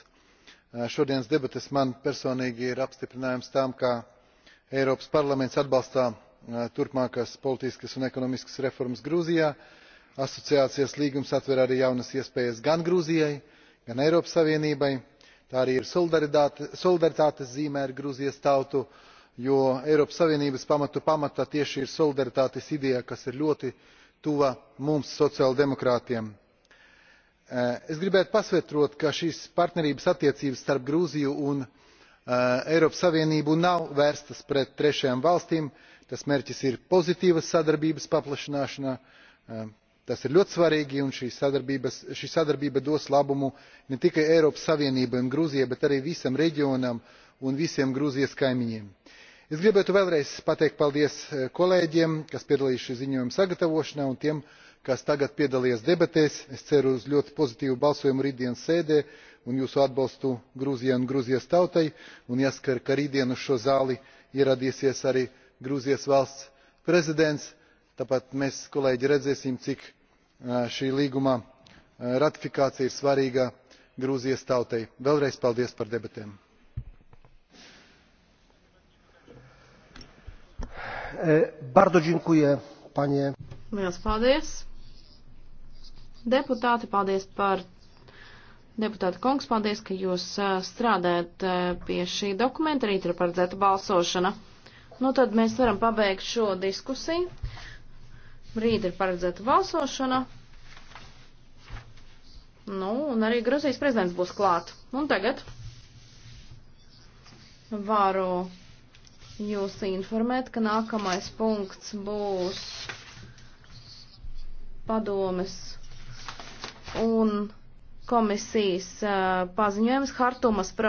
Šodienas debates man personīgi ir apstiprinājums tam, ka Eiropas parlaments atbalstā turpmākās politiskas un ekonomiskas reformas Grūzijā asociācijas līgums atver arī jaunas iespējas gan grūzijai gan eiropas savienībai tā arī ir solidaritātes zīme ar gruzijas tautu jo eiropas savienības pamatu pamatā tieši ir solidaritātes ideja kas ir ļoti tuva mums sociāldemokrātiem. Eh, es gribētu pasvītrot ka šīs partnerības attiecības starp grūziju un eh, eiropas savienību nav vērstas pret trešajām valstīm tas mērķis ir pozitīvas sadarbības paplašināšana eh, tas ir ļoti svarīgi un šī sadarbība dos labumu ne tikai eiropas savienībai un grūzijai bet arī visam reģionam un visiem grūzijas kaimiņiem. es gribētu vēlreiz pateikt paldies e, kolēģiem kas piedalījās šī ziņojuma sagatavošanā un tiem kas tagad piedalījās debatēs. es ceru uz ļoti pozitīvu balsojumu rītdienas sēdē un jūsu atbalstu grūzijai un grūzijas tautai un jācer ka rītdien uz šo zāli ieradīsies arī grūzijas valsts prezidents tāpēc mēs kolēģi redzēsim cik šī līguma ratifikācija ir svarīga grūzijas tautai. vēlreiz paldies par debatēm! Bardzo dziękuję, panie. Liels paldies! Deputāti, paldies par Deputāta kungs, paldies, ka jūs strādājat pie šī dokumenta. Rīt ir paredzēta balsošana. Nu, tad mēs varam pabeigt šo diskusiju. Rīt ir paredzēta balsošana. Nu, un arī Gruzijas prezidents būs klāt. Un tagad varu jūs informēt, ka nākamais punkts būs padomes un komisijas eh, paziņojums Hartumas.